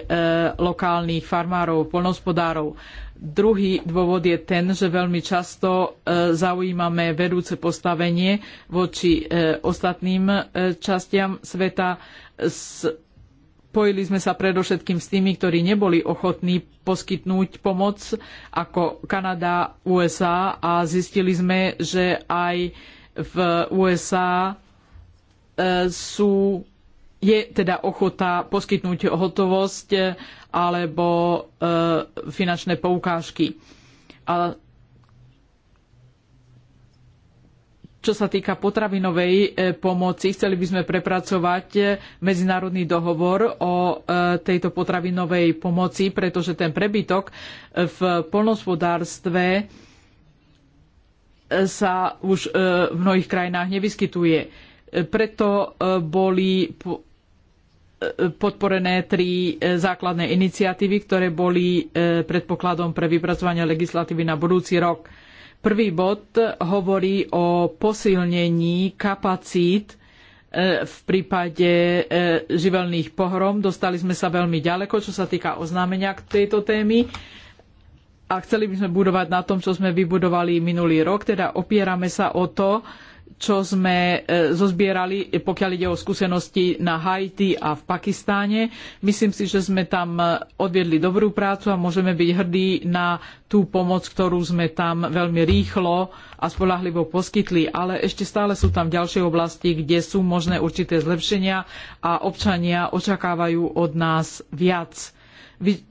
lokálnych farmárov, poľnohospodárov. Druhý dôvod je ten, že veľmi často e, zaujímame vedúce postavenie voči ostatným častiam sveta. Spojili sme sa predovšetkým s tými, ktorí neboli ochotní poskytnúť pomoc, ako Kanada, USA a zistili sme, že aj v USA E, sú, je teda ochota poskytnúť hotovosť e, alebo e, finančné poukážky. A čo sa týka potravinovej pomoci, chceli by sme prepracovať medzinárodný dohovor o tejto potravinovej pomoci, pretože ten prebytok v poľnohospodárstve sa už v mnohých krajinách nevyskytuje preto e, boli e, podporené tri e, základné iniciatívy, ktoré boli predpokladom pre vypracovanie legislatívy na budúci rok. Prvý bod hovorí o posilnení kapacít v prípade živelných pohrom. Dostali sme sa veľmi ďaleko, čo sa týka oznámenia k tejto témy a chceli by sme budovať na tom, čo sme vybudovali minulý rok, teda opierame sa o to, čo sme e, zozbierali, pokiaľ ide o skúsenosti na Haiti a v Pakistáne. Myslím si, že sme tam e, odviedli dobrú prácu a môžeme byť hrdí na tú pomoc, ktorú sme tam veľmi rýchlo a spolahlivo poskytli, ale ešte stále sú tam ďalšie oblasti, kde sú možné určité zlepšenia a občania očakávajú od nás viac. Vy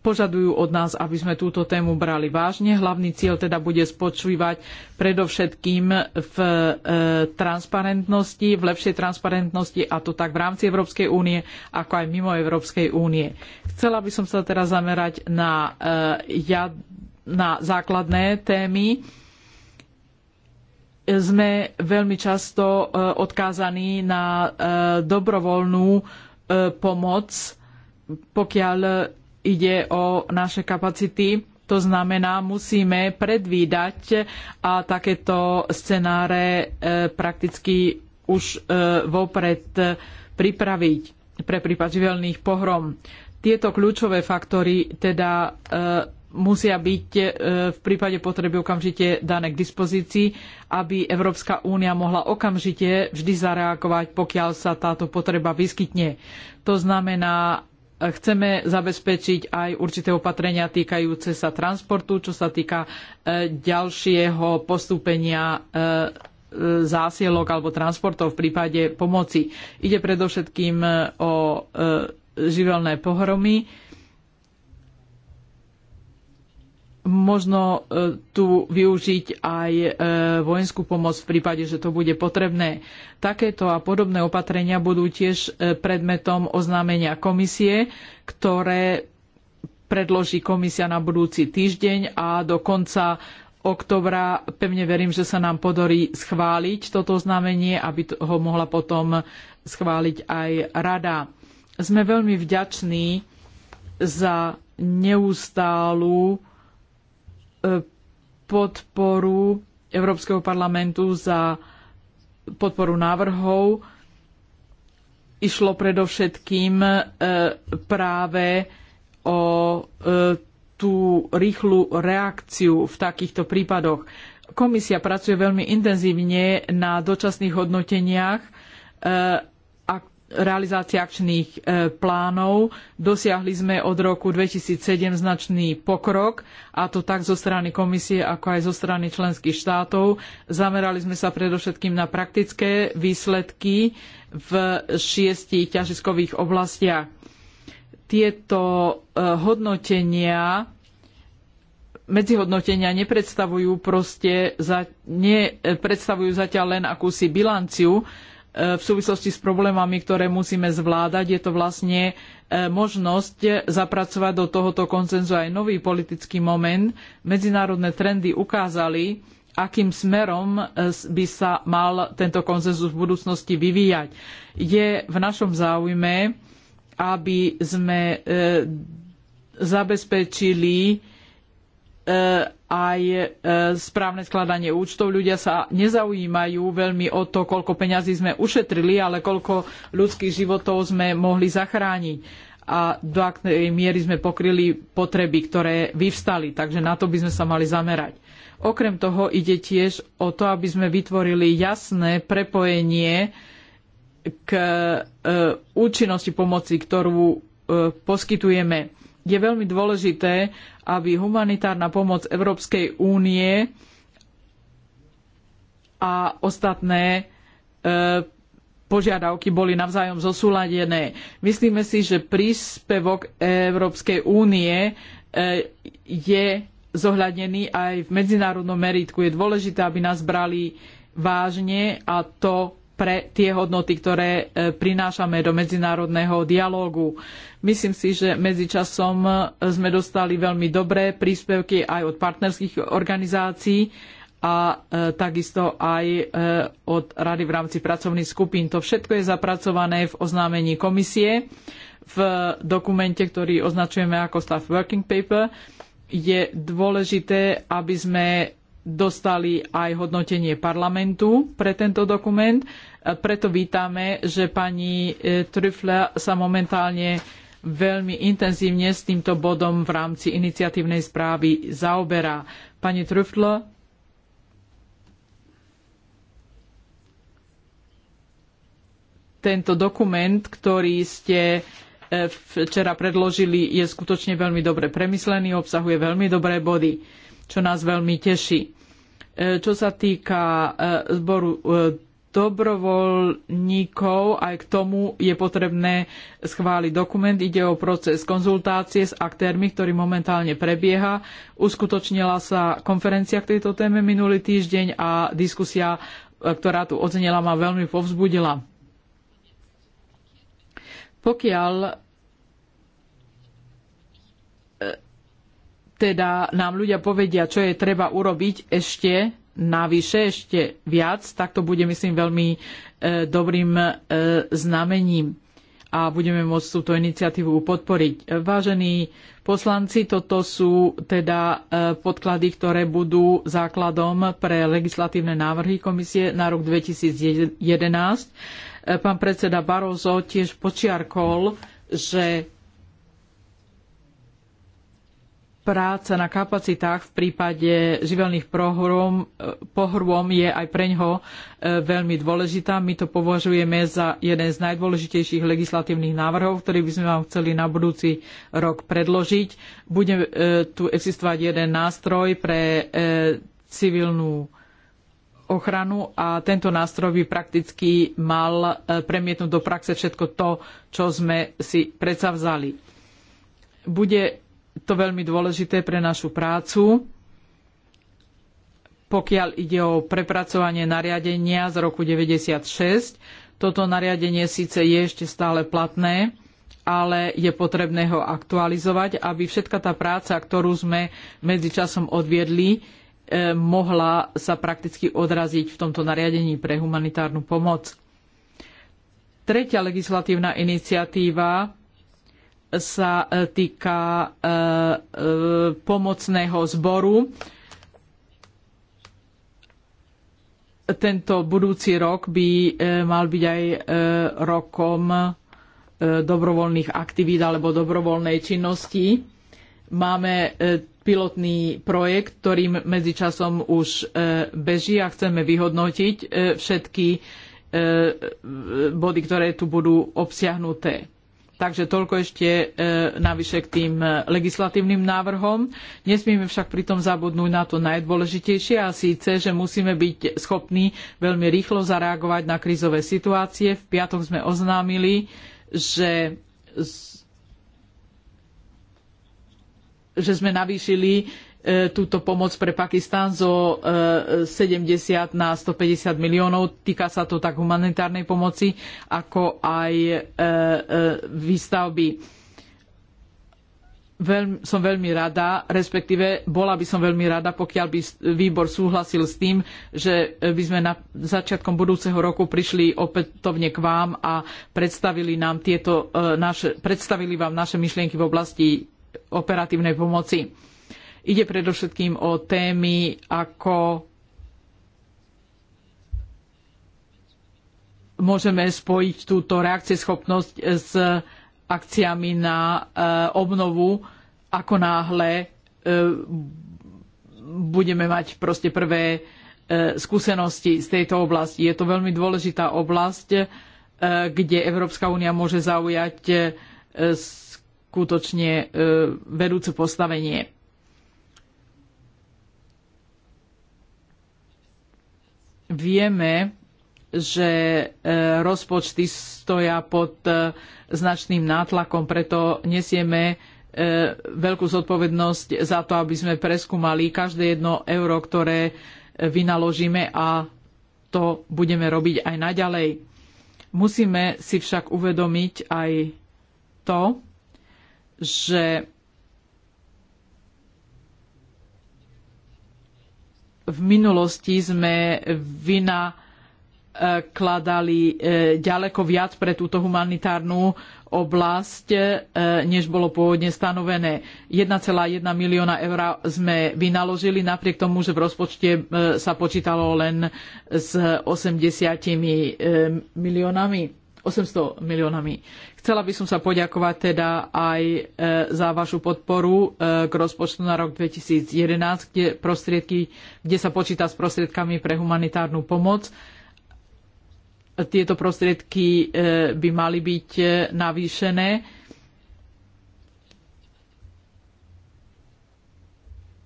požadujú od nás, aby sme túto tému brali vážne. Hlavný cieľ teda bude spočívať predovšetkým v e, transparentnosti, v lepšej transparentnosti a to tak v rámci Európskej únie, ako aj mimo Európskej únie. Chcela by som sa teraz zamerať na, e, na základné témy. Sme veľmi často e, odkázaní na dobrovoľnú pomoc pokiaľ ide o naše kapacity. To znamená, musíme predvídať a takéto scenáre e, prakticky už e, vopred e, pripraviť pre prípad živelných pohrom. Tieto kľúčové faktory teda musia byť v prípade potreby okamžite dané k dispozícii, aby Európska únia mohla okamžite vždy zareagovať, pokiaľ sa táto potreba vyskytne. To znamená chceme zabezpečiť aj určité opatrenia týkajúce sa transportu, čo sa týka e, ďalšieho postúpenia e, e, zásielok alebo transportov v prípade pomoci. Ide predovšetkým o živelné pohromy možno e, tu využiť aj e, vojenskú pomoc v prípade, že to bude potrebné. Takéto a podobné opatrenia budú tiež e, predmetom oznámenia komisie, ktoré predloží komisia na budúci týždeň a do konca oktobra pevne verím, že sa nám podarí schváliť toto oznámenie, aby ho mohla potom schváliť aj rada. Sme veľmi vďační za neustálu E, podporu Európskeho parlamentu za podporu návrhov. Išlo predovšetkým e, práve o e, tú rýchlu reakciu v takýchto prípadoch. Komisia pracuje veľmi intenzívne na dočasných hodnoteniach realizácie akčných e, plánov. Dosiahli sme od roku 2007 značný pokrok, a to tak zo strany komisie, ako aj zo strany členských štátov. Zamerali sme sa predovšetkým na praktické výsledky v šiestich ťažiskových oblastiach. Tieto e, hodnotenia medzihodnotenia nepredstavujú proste, nepredstavujú zatiaľ len akúsi bilanciu, E, v súvislosti s problémami, ktoré musíme zvládať. Je to vlastne e, možnosť zapracovať do tohoto koncenzu aj nový politický moment. Medzinárodné trendy ukázali, akým smerom e, by sa mal tento konsenzus v budúcnosti vyvíjať. Je v našom záujme, aby sme zabezpečili E, aj e, správne skladanie účtov. Ľudia sa nezaujímajú veľmi o to, koľko peňazí sme ušetrili, ale koľko ľudských životov sme mohli zachrániť a do akej miery sme pokryli potreby, ktoré vyvstali. Takže na to by sme sa mali zamerať. Okrem toho ide tiež o to, aby sme vytvorili jasné prepojenie k e, účinnosti pomoci, ktorú poskytujeme je veľmi dôležité, aby humanitárna pomoc Európskej únie a ostatné e, požiadavky boli navzájom zosúladené. Myslíme si, že príspevok Európskej únie e, je zohľadnený aj v medzinárodnom meritku. Je dôležité, aby nás brali vážne a to pre tie hodnoty, ktoré e, prinášame do medzinárodného dialógu. Myslím si, že medzičasom e, sme dostali veľmi dobré príspevky aj od partnerských organizácií a e, takisto aj od Rady v rámci pracovných skupín. To všetko je zapracované v oznámení komisie v dokumente, ktorý označujeme ako Staff Working Paper. Je dôležité, aby sme dostali aj hodnotenie parlamentu pre tento dokument preto vítame, že pani e, Trüffler sa momentálne veľmi intenzívne s týmto bodom v rámci iniciatívnej správy zaoberá. Pani Trüffler, tento dokument, ktorý ste e, včera predložili, je skutočne veľmi dobre premyslený, obsahuje veľmi dobré body, čo nás veľmi teší. E, čo sa týka zboru dobrovoľníkov, aj k tomu je potrebné schváliť dokument. Ide o proces konzultácie s aktérmi, ktorý momentálne prebieha. Uskutočnila sa konferencia k tejto téme minulý týždeň a diskusia, ktorá tu ocenila, ma veľmi povzbudila. Pokiaľ e, teda nám ľudia povedia, čo je treba urobiť ešte, navyše ešte viac, tak to bude, myslím, veľmi e, dobrým e, znamením a budeme môcť túto iniciatívu podporiť. Vážení poslanci, toto sú teda e, podklady, ktoré budú základom pre legislatívne návrhy komisie na rok 2011. E, pán predseda Barroso tiež počiarkol, že práca na kapacitách v prípade živelných prohrom, pohrom je aj pre ňoho e, veľmi dôležitá. My to považujeme za jeden z najdôležitejších legislatívnych návrhov, ktorý by sme vám chceli na budúci rok predložiť. Bude e, tu existovať jeden nástroj pre e, civilnú ochranu a tento nástroj by prakticky mal premietnúť do praxe všetko to, čo sme si predsavzali. Bude to veľmi dôležité pre našu prácu. Pokiaľ ide o prepracovanie nariadenia z roku 96, toto nariadenie síce je ešte stále platné, ale je potrebné ho aktualizovať, aby všetka tá práca, ktorú sme medzičasom odviedli, e, mohla sa prakticky odraziť v tomto nariadení pre humanitárnu pomoc. Tretia legislatívna iniciatíva sa e, týka e, e, pomocného zboru. Tento budúci rok by mal byť aj rokom dobrovoľných aktivít alebo dobrovoľnej činnosti. Máme pilotný projekt, ktorý medzičasom už beží a chceme vyhodnotiť všetky body, ktoré tu budú obsiahnuté Takže toľko ešte e, navyše k tým e, legislatívnym návrhom. Nesmieme však pritom zabudnúť na to najdôležitejšie a síce, že musíme byť schopní veľmi rýchlo zareagovať na krízové situácie. V piatok sme oznámili, že, že sme navýšili E, túto pomoc pre Pakistan zo 70 e, na 150 miliónov. Týka sa to tak humanitárnej pomoci, ako aj e, výstavby. Veľmi, som veľmi rada, respektíve bola by som veľmi rada, pokiaľ by výbor súhlasil s tým, že by sme na začiatkom budúceho roku prišli opätovne k vám a predstavili, nám tieto, naše, predstavili vám naše myšlienky v oblasti operatívnej pomoci Ide predovšetkým o témy ako môžeme spojiť túto reakcieschopnosť s akciami na e, obnovu, ako náhle e, budeme mať proste prvé e, skúsenosti z tejto oblasti. Je to veľmi dôležitá oblasť, kde Európska únia môže zaujať skutočne vedúce postavenie. Vieme, že e, rozpočty stoja pod e, značným nátlakom, preto nesieme e, veľkú zodpovednosť za to, aby sme preskúmali každé jedno euro, ktoré vynaložíme a to budeme robiť aj naďalej. Musíme si však uvedomiť aj to, že v minulosti sme vina e, kladali e, ďaleko viac pre túto humanitárnu oblasť, e, než bolo pôvodne stanovené. 1,1 milióna eur sme vynaložili, napriek tomu, že v rozpočte sa počítalo len s 80 miliónami. 800 miliónami. Chcela by som sa poďakovať teda aj e, za vašu podporu e, k rozpočtu na rok 2011, kde, prostriedky, kde sa počíta s prostriedkami pre humanitárnu pomoc. Tieto prostriedky e, by mali byť navýšené.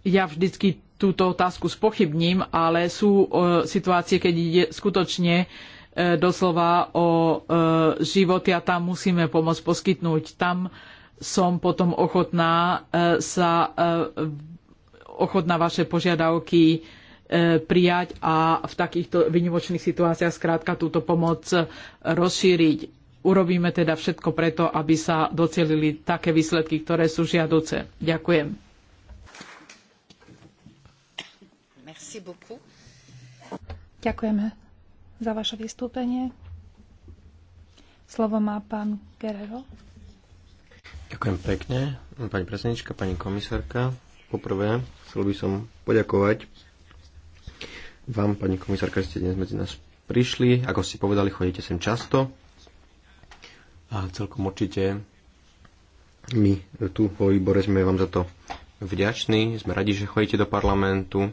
Ja vždycky túto otázku spochybním, ale sú situácie, keď ide skutočne E, doslova o e, životy a tam musíme pomoc poskytnúť. Tam som potom ochotná e, sa ochotná vaše požiadavky prijať a v takýchto vynimočných situáciách skrátka túto pomoc rozšíriť. Urobíme teda všetko preto, aby sa docelili také výsledky, ktoré sú žiaduce. Ďakujem. Ďakujeme za vaše vystúpenie. Slovo má pán Guerrero. Ďakujem pekne, pani predsednička, pani komisárka. Poprvé, chcel by som poďakovať vám, pani komisárka, že ste dnes medzi nás prišli. Ako ste povedali, chodíte sem často a celkom určite my tu vo výbore sme vám za to vďační, sme radi, že chodíte do parlamentu,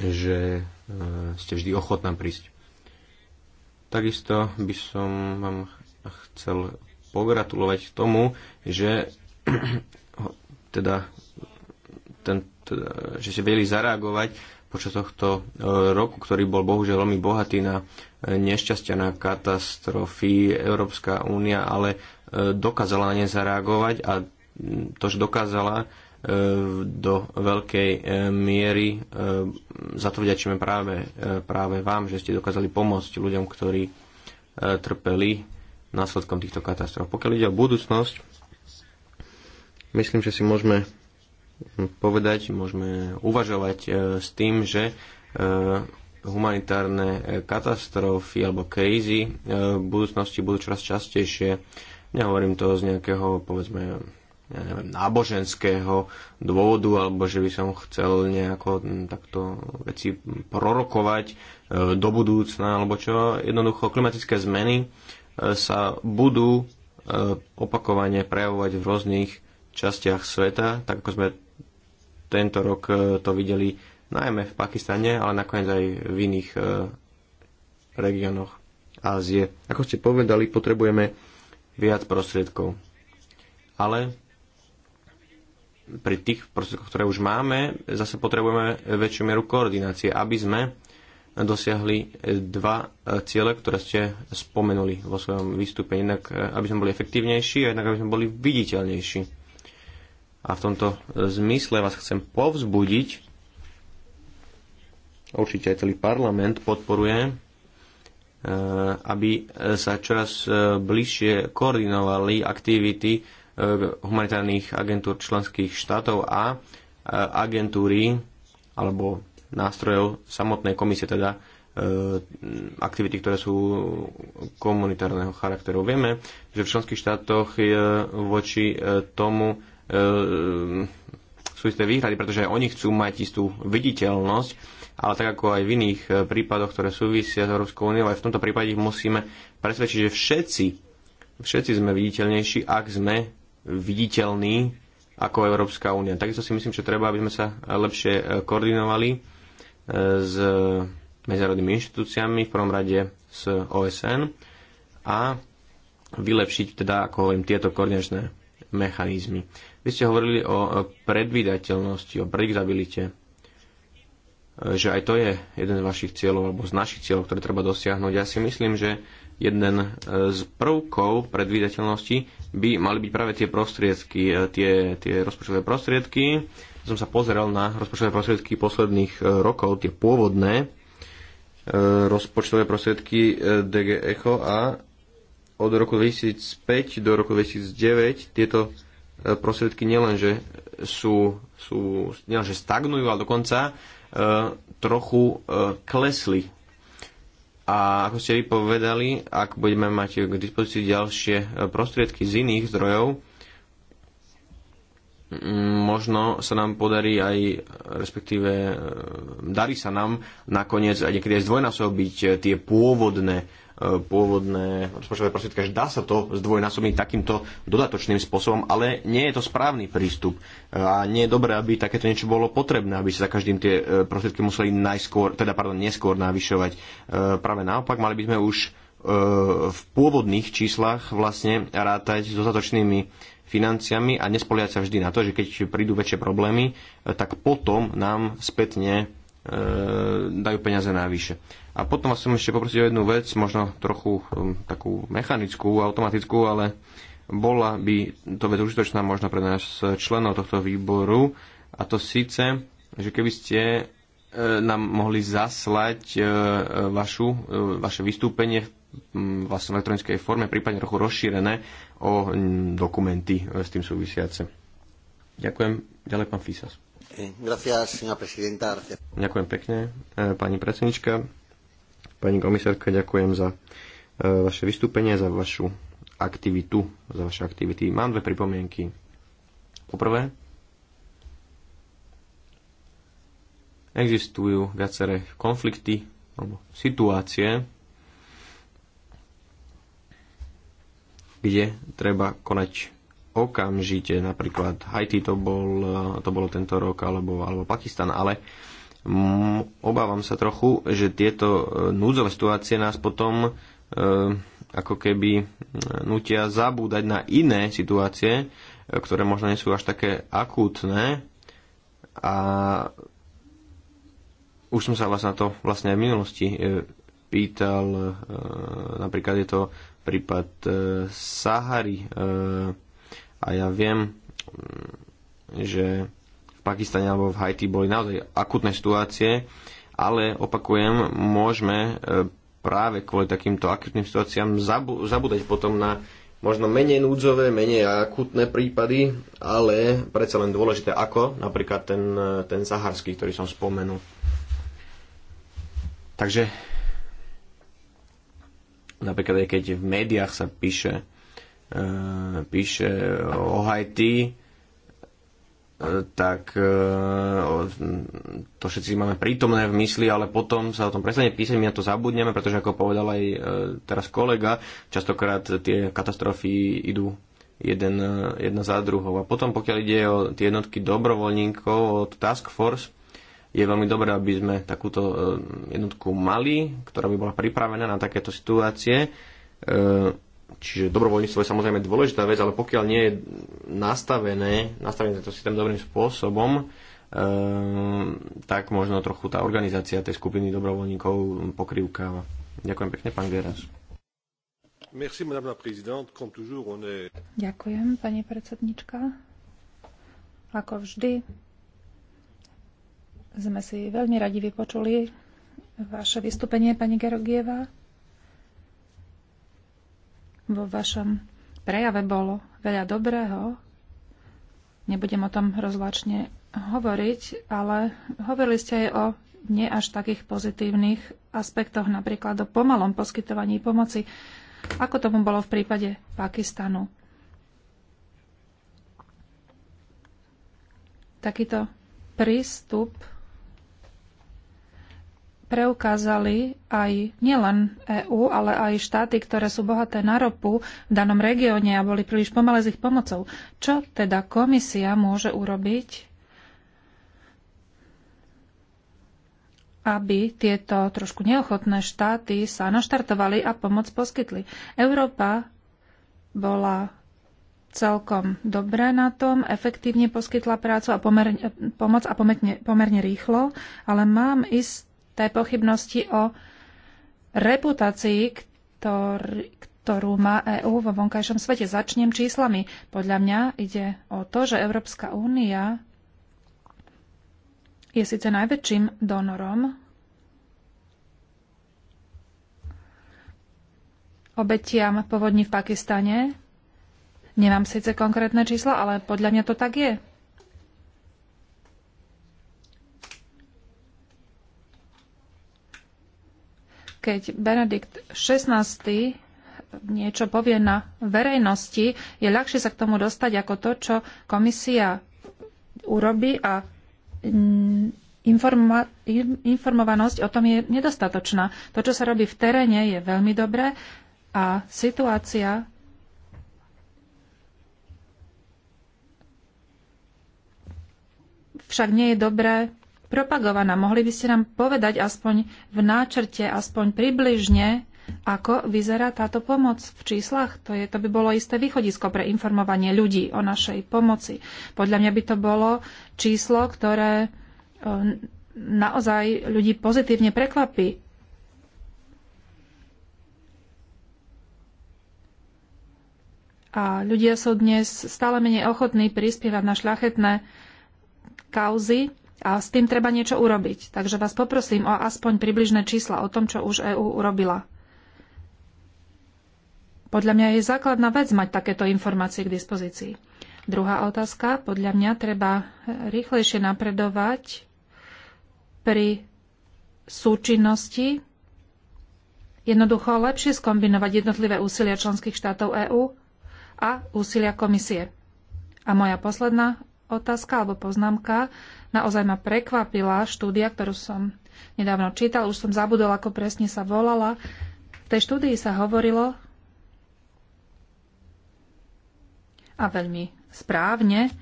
že E, ste vždy ochotná prísť. Takisto by som vám chcel pogratulovať tomu, že teda, ten, teda, že ste vedeli zareagovať počas tohto e, roku, ktorý bol bohužiaľ veľmi bohatý na e, nešťastia, na katastrofy. Európska únia ale dokázala na ne zareagovať a to, že dokázala, E, do veľkej e, miery e, za to vďačíme práve, práve vám, že ste dokázali pomôcť ľuďom, ktorí trpeli následkom týchto katastrof. Pokiaľ ide o budúcnosť, myslím, že si môžeme povedať, môžeme uvažovať s tým, že humanitárne katastrofy alebo krízy v budúcnosti budú čoraz častejšie. Nehovorím to z nejakého, povedzme, ja neviem, náboženského dôvodu, alebo že by som chcel nejako takto veci prorokovať e, do budúcna, alebo čo. Jednoducho klimatické zmeny e, sa budú e, opakovane prejavovať v rôznych častiach sveta, tak ako sme tento rok to videli najmä v Pakistane, ale nakoniec aj v iných regiónoch Ázie. Ako ste povedali, potrebujeme viac prostriedkov. Ale pri tých prostriedkoch, ktoré už máme, zase potrebujeme väčšiu mieru koordinácie, aby sme dosiahli dva e, ciele, ktoré ste spomenuli vo svojom výstupe. Jednak, e, aby sme boli efektívnejší a jednak, aby sme boli viditeľnejší. A v tomto e, zmysle vás chcem povzbudiť, určite aj celý parlament podporuje, aby sa čoraz bližšie koordinovali aktivity humanitárnych agentúr členských štátov a agentúry alebo nástrojov samotnej komisie, teda e, aktivity, ktoré sú komunitárneho charakteru. Vieme, že v členských štátoch je voči e, tomu e, sú isté výhrady, pretože aj oni chcú mať istú viditeľnosť, ale tak ako aj v iných prípadoch, ktoré súvisia s Európskou úniou, aj v tomto prípade ich musíme presvedčiť, že všetci, všetci sme viditeľnejší, ak sme viditeľný ako Európska únia. Takisto si myslím, že treba, aby sme sa lepšie e, koordinovali e, s medzinárodnými inštitúciami, v prvom rade s OSN a vylepšiť teda, ako hovorím, tieto koordinačné mechanizmy. Vy ste hovorili o e, predvydateľnosti, o predvydabilite, že aj to je jeden z vašich cieľov alebo z našich cieľov, ktoré treba dosiahnuť. Ja si myslím, že jeden e, z prvkov predvídateľnosti by mali byť práve tie prostriedky, e, tie, tie rozpočtové prostriedky. Som sa pozeral na rozpočtové prostriedky posledných e, rokov, tie pôvodné rozpočtové prostriedky DG Echo a od roku 2005 do roku 2009 tieto prostriedky nielenže sú, sú nielenže stagnujú, ale dokonca trochu klesli a ako ste vypovedali, ak budeme mať k dispozícii ďalšie e, prostriedky z iných zdrojov, možno sa nám podarí aj, e, respektíve e, darí sa nám nakoniec aj niekedy aj zdvojnásobiť tie pôvodné pôvodné rozpočtové prostriedky, že dá sa to zdvojnásobiť takýmto dodatočným spôsobom, ale nie je to správny prístup a nie je dobré, aby takéto niečo bolo potrebné, aby sa za každým tie e, prostriedky museli najskôr, teda pardon, neskôr navyšovať. E, práve naopak, mali by sme už e, v pôvodných číslach vlastne rátať s dostatočnými financiami a nespoliať sa vždy na to, že keď prídu väčšie problémy, tak potom nám spätne dajú peniaze navyše. A potom vás chcem ešte poprosiť o jednu vec, možno trochu um, takú mechanickú, automatickú, ale bola by to vec užitočná možno pre nás členov tohto výboru a to síce, že keby ste e, nám mohli zaslať e, vašu, e, vaše vystúpenie v vlastne elektronickej forme, prípadne trochu rozšírené o dokumenty s tým súvisiace. Ďakujem. Ďalej pán Fisas. Eh, ďakujem pekne, eh, pani predsednička. Pani komisárka, ďakujem za eh, vaše vystúpenie, za vašu aktivitu, za vaše aktivity. Mám dve pripomienky. Poprvé, existujú viaceré konflikty alebo situácie, kde treba konať okamžite, napríklad Haiti to, bol, to bolo tento rok, alebo, alebo Pakistan, ale obávam sa trochu, že tieto e, núdzové situácie nás potom e, ako keby e, nutia zabúdať na iné situácie, e, ktoré možno nie sú až také akútne a už som sa vás vlastne na to vlastne aj v minulosti pýtal, e, napríklad je to prípad e, Sahary, e, a ja viem, mm, že v Pakistane alebo v Haiti boli naozaj akutné situácie, ale opakujem, môžeme e, práve kvôli takýmto akutným situáciám zabu- zabúdať potom na možno menej núdzové, menej akutné prípady, ale predsa len dôležité ako, napríklad ten, e, ten saharský, ktorý som spomenul. Takže napríklad aj keď v médiách sa píše E, píše o Haiti, e, tak e, to všetci máme prítomné v mysli, ale potom sa o tom prestane písať, my na to zabudneme, pretože ako povedal aj teraz kolega, častokrát tie katastrofy idú jeden, jedna za druhou. A potom pokiaľ ide o tie jednotky dobrovoľníkov od Task Force, je veľmi dobré, aby sme takúto jednotku mali, ktorá by bola pripravená na takéto situácie. Čiže dobrovoľníctvo je samozrejme dôležitá vec, ale pokiaľ nie je nastavené, nastavené to systém dobrým spôsobom, ehm, tak možno trochu tá organizácia tej skupiny dobrovoľníkov ehm, pokrývkáva. Ďakujem pekne, pán Geras. Merci, madame la présidente. Comme toujours, on est... Ďakujem, pani predsednička. Ako vždy, sme si veľmi radi vypočuli vaše vystúpenie, pani Gerogieva. Vo vašom prejave bolo veľa dobrého. Nebudem o tom rozlačne hovoriť, ale hovorili ste aj o nie až takých pozitívnych aspektoch, napríklad o pomalom poskytovaní pomoci, ako tomu bolo v prípade Pakistanu. Takýto prístup preukázali aj nielen EÚ, ale aj štáty, ktoré sú bohaté na ropu v danom regióne a boli príliš pomalé s ich pomocou. Čo teda komisia môže urobiť, aby tieto trošku neochotné štáty sa naštartovali a pomoc poskytli? Európa bola celkom dobré na tom, efektívne poskytla prácu a pomer, pomoc a pomerne, pomerne rýchlo, ale mám istý určité pochybnosti o reputácii, ktorý, ktorú má EÚ vo vonkajšom svete. Začnem číslami. Podľa mňa ide o to, že Európska únia je síce najväčším donorom obetiam povodní v Pakistane. Nemám síce konkrétne čísla, ale podľa mňa to tak je. keď Benedikt XVI niečo povie na verejnosti, je ľahšie sa k tomu dostať ako to, čo komisia urobí a mm, informa- informovanosť o tom je nedostatočná. To, čo sa robí v teréne, je veľmi dobré a situácia však nie je dobré propagovaná. Mohli by ste nám povedať aspoň v náčrte, aspoň približne, ako vyzerá táto pomoc v číslach? To, je, to by bolo isté východisko pre informovanie ľudí o našej pomoci. Podľa mňa by to bolo číslo, ktoré e, naozaj ľudí pozitívne prekvapí. A ľudia sú dnes stále menej ochotní prispievať na šľachetné kauzy, a s tým treba niečo urobiť. Takže vás poprosím o aspoň približné čísla o tom, čo už EÚ urobila. Podľa mňa je základná vec mať takéto informácie k dispozícii. Druhá otázka. Podľa mňa treba rýchlejšie napredovať pri súčinnosti, jednoducho lepšie skombinovať jednotlivé úsilia členských štátov EÚ a úsilia komisie. A moja posledná otázka alebo poznámka. Naozaj ma prekvapila štúdia, ktorú som nedávno čítal, už som zabudol, ako presne sa volala. V tej štúdii sa hovorilo, a veľmi správne,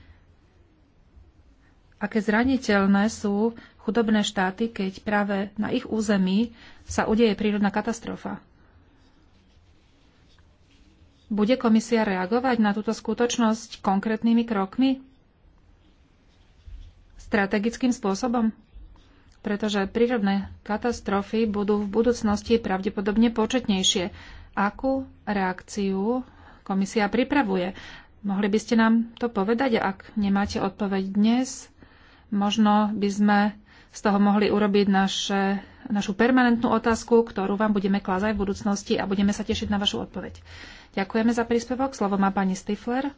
aké zraniteľné sú chudobné štáty, keď práve na ich území sa udeje prírodná katastrofa. Bude komisia reagovať na túto skutočnosť konkrétnymi krokmi? strategickým spôsobom? Pretože prírodné katastrofy budú v budúcnosti pravdepodobne početnejšie. Akú reakciu komisia pripravuje? Mohli by ste nám to povedať? Ak nemáte odpoveď dnes, možno by sme z toho mohli urobiť naše, našu permanentnú otázku, ktorú vám budeme klázať v budúcnosti a budeme sa tešiť na vašu odpoveď. Ďakujeme za príspevok. Slovo má pani Stifler.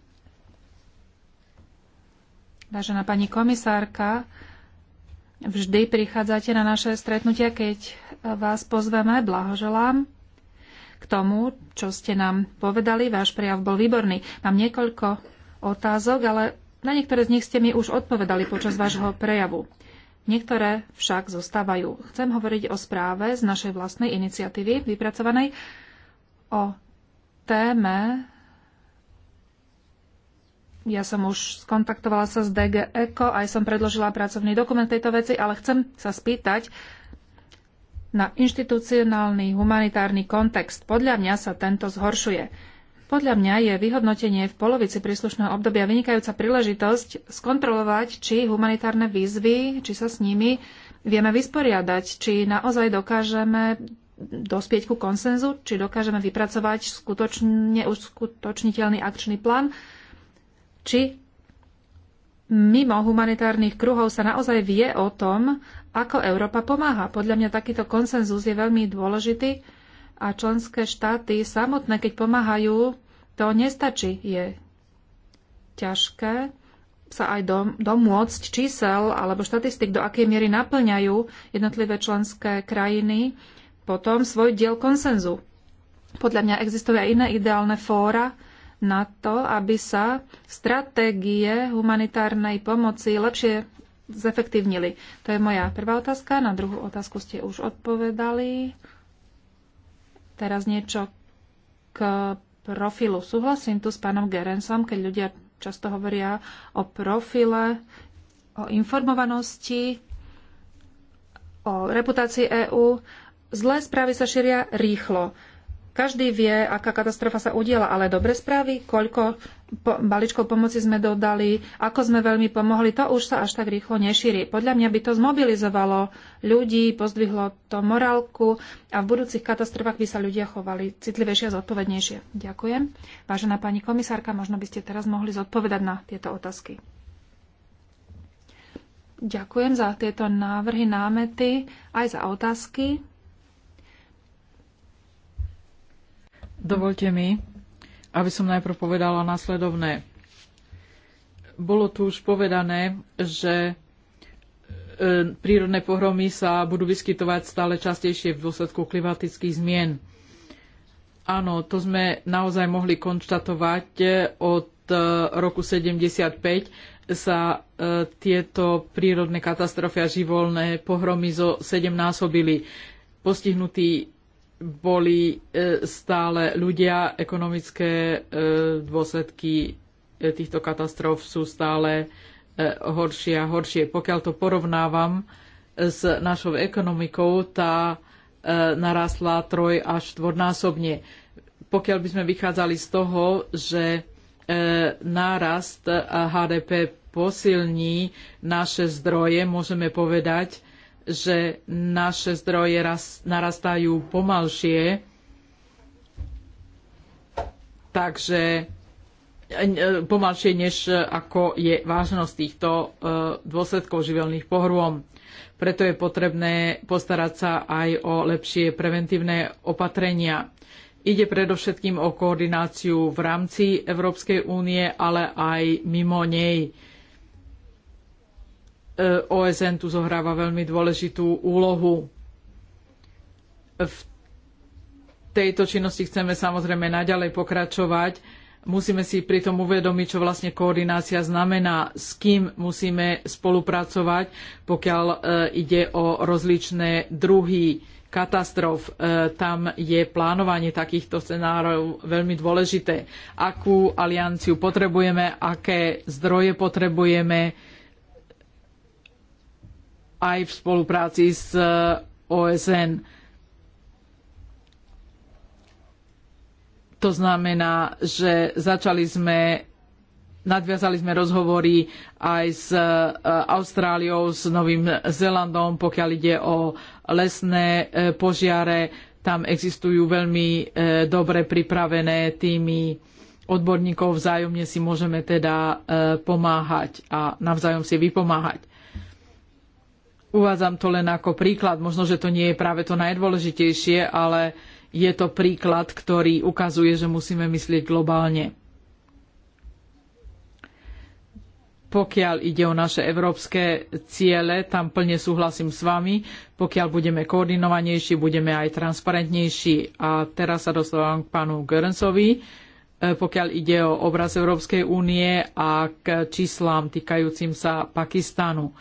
Vážená pani komisárka, vždy prichádzate na naše stretnutia, keď e, vás pozveme. Blahoželám k tomu, čo ste nám povedali. Váš prejav bol výborný. Mám niekoľko otázok, ale na niektoré z nich ste mi už odpovedali počas vášho prejavu. Niektoré však zostávajú. Chcem hovoriť o správe z našej vlastnej iniciatívy vypracovanej o téme ja som už skontaktovala sa s DG Eko, aj som predložila pracovný dokument tejto veci, ale chcem sa spýtať na inštitucionálny humanitárny kontext. Podľa mňa sa tento zhoršuje. Podľa mňa je vyhodnotenie v polovici príslušného obdobia vynikajúca príležitosť skontrolovať, či humanitárne výzvy, či sa s nimi vieme vysporiadať, či naozaj dokážeme dospieť ku konsenzu, či dokážeme vypracovať skutočne uskutočniteľný akčný plán, či mimo humanitárnych kruhov sa naozaj vie o tom, ako Európa pomáha. Podľa mňa takýto konsenzus je veľmi dôležitý a členské štáty samotné, keď pomáhajú, to nestačí. Je ťažké sa aj dom, domôcť čísel alebo štatistik, do akej miery naplňajú jednotlivé členské krajiny potom svoj diel konsenzu. Podľa mňa existujú aj iné ideálne fóra, na to, aby sa stratégie humanitárnej pomoci lepšie zefektívnili? To je moja prvá otázka. Na druhú otázku ste už odpovedali. Teraz niečo k profilu. Súhlasím tu s pánom Gerensom, keď ľudia často hovoria o profile, o informovanosti, o reputácii EÚ. Zlé správy sa šíria rýchlo. Každý vie, aká katastrofa sa udiela, ale dobre správy, koľko po- balíčkov pomoci sme dodali, ako sme veľmi pomohli, to už sa až tak rýchlo nešíri. Podľa mňa by to zmobilizovalo ľudí, pozdvihlo to morálku a v budúcich katastrofách by sa ľudia chovali citlivejšie a zodpovednejšie. Ďakujem. Vážená pani komisárka, možno by ste teraz mohli zodpovedať na tieto otázky. Ďakujem za tieto návrhy, námety, aj za otázky. Dovolte mi, aby som najprv povedala následovné. Bolo tu už povedané, že e, prírodné pohromy sa budú vyskytovať stále častejšie v dôsledku klimatických zmien. Áno, to sme naozaj mohli konštatovať e, od e, roku 75 sa tieto prírodné katastrofy a živolné pohromy zo sedemnásobili. Postihnutí boli e, stále ľudia, ekonomické e, dôsledky e, týchto katastrof sú stále horšie a horšie. Pokiaľ to porovnávam s našou ekonomikou, tá narastla troj až dvornásobne. Pokiaľ by sme vychádzali z toho, že nárast HDP posilní naše zdroje, môžeme povedať, že naše zdroje raz, narastajú pomalšie, takže e, e, pomalšie, než e, ako je vážnosť týchto dôsledkov živelných pohrôm. Preto je potrebné postarať sa aj o lepšie preventívne opatrenia. Ide predovšetkým o koordináciu v rámci Európskej únie, ale aj mimo nej E, OSN tu zohráva veľmi dôležitú úlohu. V tejto činnosti chceme samozrejme naďalej pokračovať. Musíme si pritom uvedomiť, čo vlastne koordinácia znamená, s kým musíme spolupracovať, pokiaľ e, ide o rozličné druhy katastrof. E, tam je plánovanie takýchto scenárov veľmi dôležité. Akú alianciu potrebujeme, aké zdroje potrebujeme, aj v spolupráci s eh, OSN. To znamená, že začali sme, nadviazali sme rozhovory aj s eh, Austráliou, s Novým Zélandom, pokiaľ ide o lesné eh, požiare. Tam existujú veľmi dobre pripravené týmy odborníkov. Vzájomne si môžeme teda pomáhať a navzájom si vypomáhať. Uvádzam to len ako príklad, možno, že to nie je práve to najdôležitejšie, ale je to príklad, ktorý ukazuje, že musíme myslieť globálne. Pokiaľ ide o naše európske ciele, tam plne súhlasím s vami. Pokiaľ budeme koordinovanejší, budeme aj transparentnejší. A teraz sa dostávam k pánu Görensovi. E, pokiaľ ide o obraz Európskej únie a k číslám týkajúcim sa Pakistanu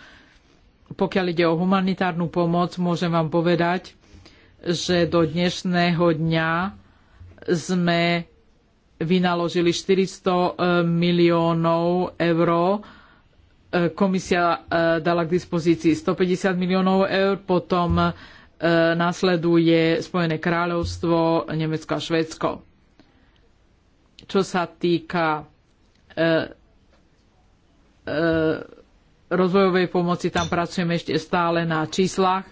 pokiaľ ide o humanitárnu pomoc, môžem vám povedať, že do dnešného dňa sme vynaložili 400 e, miliónov eur. E, komisia e, dala k dispozícii 150 miliónov eur, potom nasleduje Spojené kráľovstvo, Nemecko a Švédsko. Čo sa týka rozvojovej pomoci tam pracujeme ešte stále na číslach,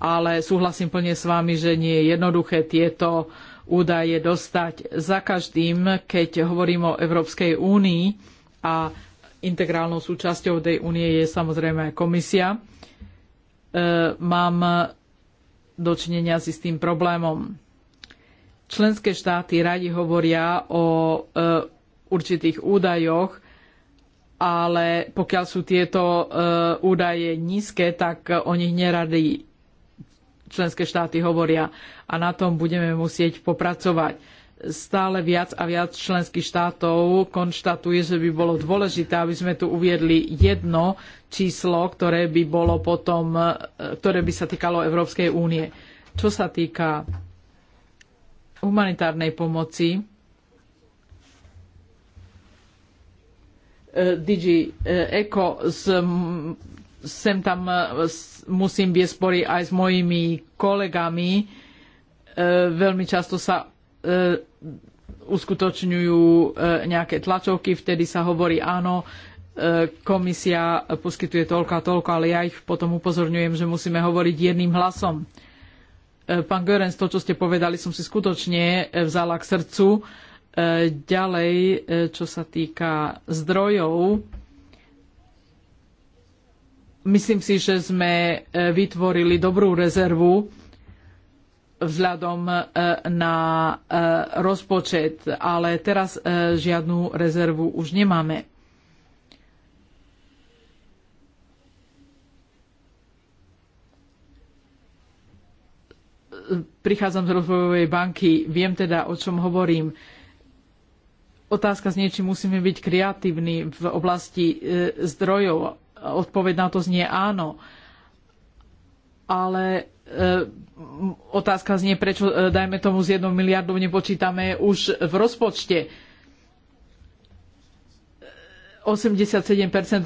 ale súhlasím plne s vami, že nie je jednoduché tieto údaje dostať za každým, keď hovorím o Európskej únii a integrálnou súčasťou tej únie je samozrejme aj komisia. E, mám dočinenia si s tým problémom. Členské štáty radi hovoria o e, určitých údajoch, ale pokiaľ sú tieto eh, údaje nízke, tak o nich neradí členské štáty hovoria a na tom budeme musieť popracovať. Stále viac a viac členských štátov konštatuje, že by bolo dôležité, aby sme tu uviedli jedno číslo, ktoré by, bolo potom, eh, ktoré by sa týkalo Európskej únie. Čo sa týka humanitárnej pomoci, Digi eh, Eco sem tam eh, musím viesť spory aj s mojimi kolegami. Eh, veľmi často sa uskutočňujú nejaké tlačovky, vtedy sa hovorí áno, komisia poskytuje toľko a toľko, ale ja ich potom upozorňujem, že musíme hovoriť jedným hlasom. Pán Görens, to, čo ste povedali, som si skutočne vzala k srdcu Ďalej, e, čo sa týka zdrojov, myslím si, že sme e, vytvorili dobrú rezervu vzhľadom e, na rozpočet, ale teraz žiadnu rezervu už nemáme. Prichádzam z rozvojovej banky, viem teda, o čom hovorím otázka znie, či musíme byť kreatívni v oblasti e, zdrojov. Odpoveď na to znie áno. Ale e, otázka znie, prečo e, dajme tomu z jednou miliardou nepočítame už v rozpočte. 87%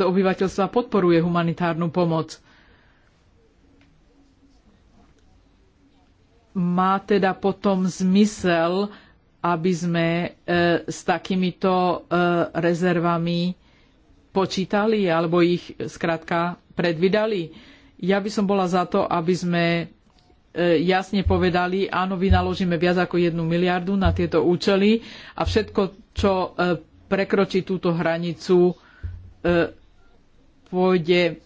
obyvateľstva podporuje humanitárnu pomoc. Má teda potom zmysel aby sme e, s takýmito e, rezervami počítali alebo ich skrátka predvydali. Ja by som bola za to, aby sme e, jasne povedali, áno, vynaložíme viac ako jednu miliardu na tieto účely a všetko, čo prekročí túto hranicu, pôjde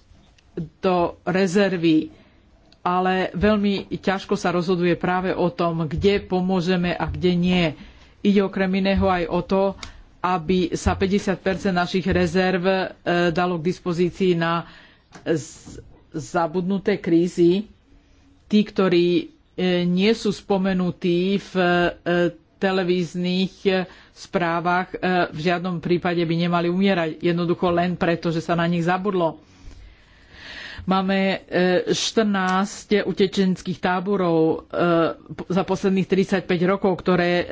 do rezervy ale veľmi ťažko sa rozhoduje práve o tom, kde pomôžeme a kde nie. Ide okrem iného aj o to, aby sa 50 našich rezerv e, dalo k dispozícii na zabudnuté krízy. Tí, ktorí e, nie sú spomenutí v e, televíznych správach, v žiadnom prípade by nemali umierať jednoducho len preto, že sa na nich zabudlo Máme 14 e, utečenských táborov e, za posledných 35 rokov, ktoré e,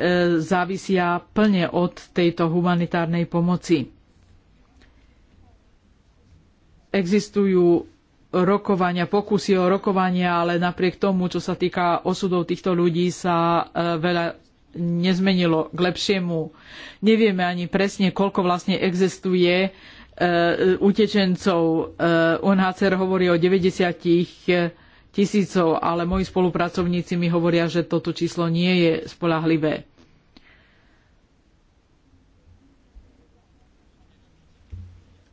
závisia plne od tejto humanitárnej pomoci. Existujú rokovania, pokusy o rokovania, ale napriek tomu, čo sa týka osudov týchto ľudí, sa veľa nezmenilo k lepšiemu. Nevieme ani presne, koľko vlastne existuje Eh, utečencov. Eh, UNHCR hovorí o 90 eh, tisícov, ale moji spolupracovníci mi hovoria, že toto číslo nie je spolahlivé.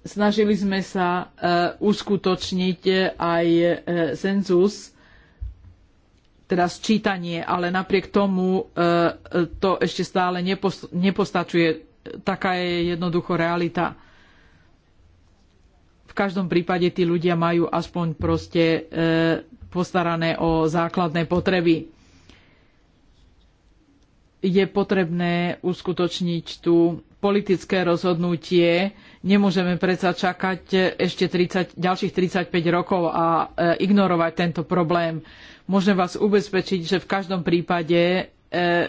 Snažili sme sa uskutočniť aj senzus, teda sčítanie, ale napriek tomu to ešte stále nepostačuje. Taká je jednoducho realita každom prípade tí ľudia majú aspoň proste e, postarané o základné potreby. Je potrebné uskutočniť tú politické rozhodnutie. Nemôžeme predsa čakať ešte 30, ďalších 35 rokov a e, ignorovať tento problém. Môžem vás ubezpečiť, že v každom prípade e,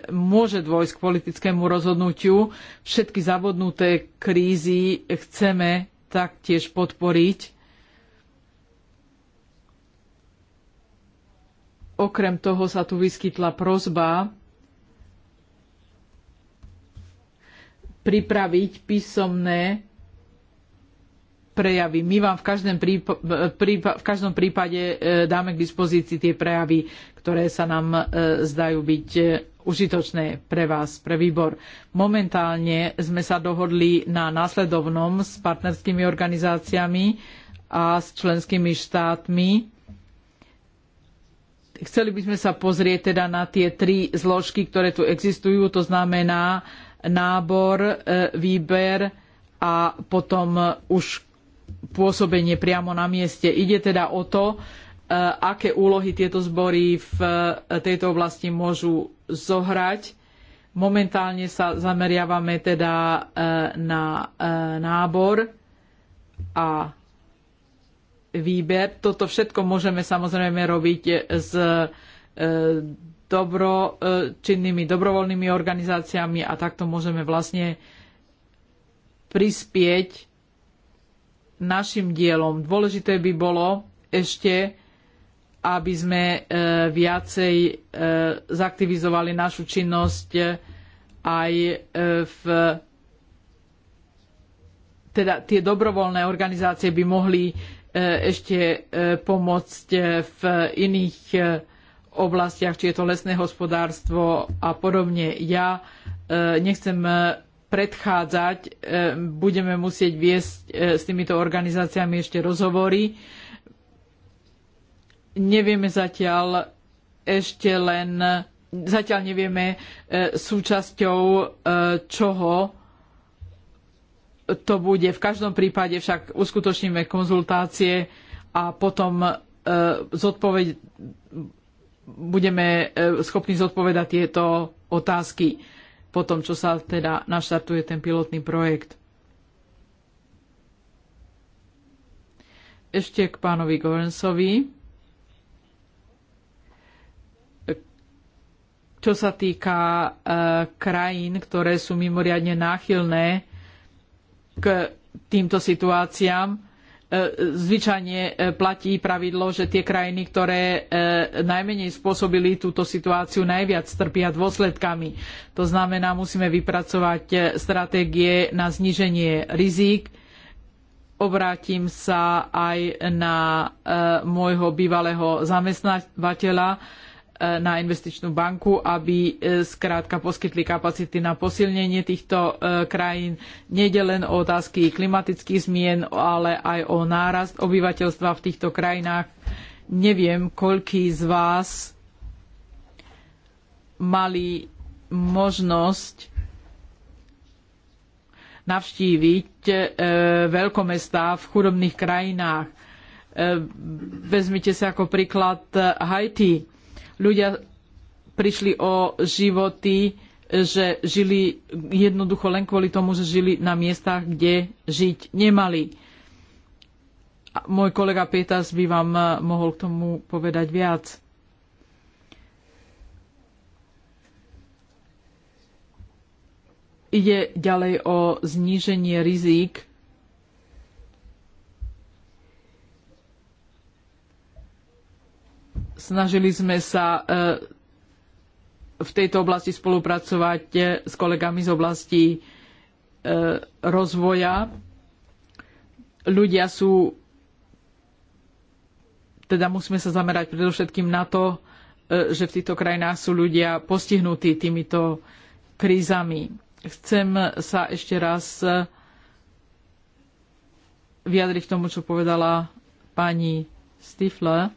môže dôjsť k politickému rozhodnutiu. Všetky zabudnuté krízy chceme taktiež podporiť. Okrem toho sa tu vyskytla prozba pripraviť písomné prejavy. My vám v každom, prípa- v každom prípade e, dáme k dispozícii tie prejavy, ktoré sa nám e, zdajú byť e, užitočné pre vás, pre výbor. Momentálne sme sa dohodli na následovnom s partnerskými organizáciami a s členskými štátmi. Chceli by sme sa pozrieť teda na tie tri zložky, ktoré tu existujú, to znamená nábor, e, výber a potom už pôsobenie priamo na mieste. Ide teda o to, Eh, aké úlohy tieto zbory v eh, tejto oblasti môžu zohrať. Momentálne sa zameriavame teda eh, na nábor a výber. Toto všetko môžeme samozrejme robiť s dobročinnými, dobrovoľnými organizáciami a takto môžeme vlastne prispieť našim dielom. Dôležité by bolo ešte aby sme e, viacej e, zaktivizovali našu činnosť e, aj v teda tie dobrovoľné organizácie by mohli ešte pomôcť v iných oblastiach, či je to lesné hospodárstvo a podobne. Ja nechcem predchádzať, budeme musieť viesť s týmito organizáciami ešte rozhovory nevieme zatiaľ ešte len, zatiaľ nevieme e, súčasťou e, čoho to bude. V každom prípade však uskutočníme konzultácie a potom e, zodpoved, budeme schopní zodpovedať tieto otázky po tom, čo sa teda naštartuje ten pilotný projekt. Ešte k pánovi Gorensovi. čo sa týka e, krajín, ktoré sú mimoriadne náchylné k týmto situáciám, e, zvyčajne e, platí pravidlo, že tie krajiny, ktoré najmenej spôsobili túto situáciu, najviac trpia dôsledkami. To znamená, musíme vypracovať stratégie na zníženie rizík. Obrátim sa aj na môjho bývalého zamestnávateľa, Eh, na investičnú banku, aby eh, skrátka poskytli kapacity na posilnenie týchto eh, krajín. Nede len o otázky klimatických zmien, ale aj o nárast obyvateľstva v týchto krajinách. Neviem, koľký z vás mali možnosť navštíviť veľkomestá v chudobných krajinách. Vezmite sa ako príklad Haiti ľudia prišli o životy, že žili jednoducho len kvôli tomu, že žili na miestach, kde žiť nemali. Môj kolega Pietas by vám eh, mohol k tomu povedať viac. Ide ďalej o zníženie rizík snažili sme sa e, v tejto oblasti spolupracovať e, s kolegami z oblasti e, rozvoja. Ľudia sú, teda musíme sa zamerať predovšetkým na to, že v týchto krajinách sú ľudia postihnutí týmito krízami. Chcem sa ešte raz vyjadriť k tomu, čo povedala pani Stifle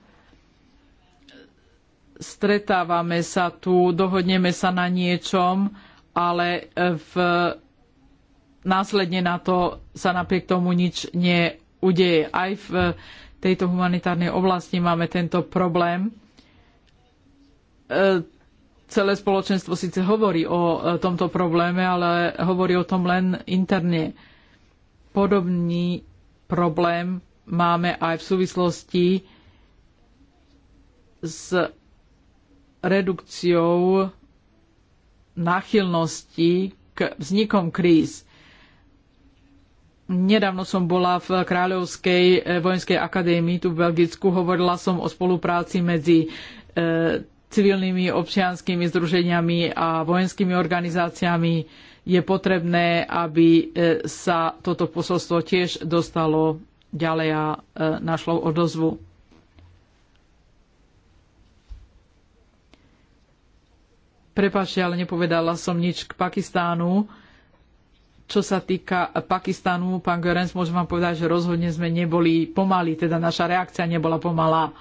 stretávame sa tu, dohodneme sa na niečom, ale eh, v, následne na to sa napriek tomu nič neudeje. Aj v eh, tejto humanitárnej oblasti máme tento problém. Eh, celé spoločenstvo síce hovorí o tomto probléme, ale hovorí o tom len interne. Podobný problém máme aj v súvislosti s redukciou náchylnosti k vznikom kríz. Nedávno som bola v Kráľovskej eh, vojenskej akadémii tu v Belgicku. Hovorila som o spolupráci medzi eh, civilnými občianskymi združeniami a vojenskými organizáciami. Je potrebné, aby eh, sa toto posolstvo tiež dostalo ďalej a našlo odozvu. Prepašte, ale nepovedala som nič k Pakistánu. Čo sa týka Pakistánu, pán Görens, môžem vám povedať, že rozhodne sme neboli pomalí, teda naša reakcia nebola pomalá.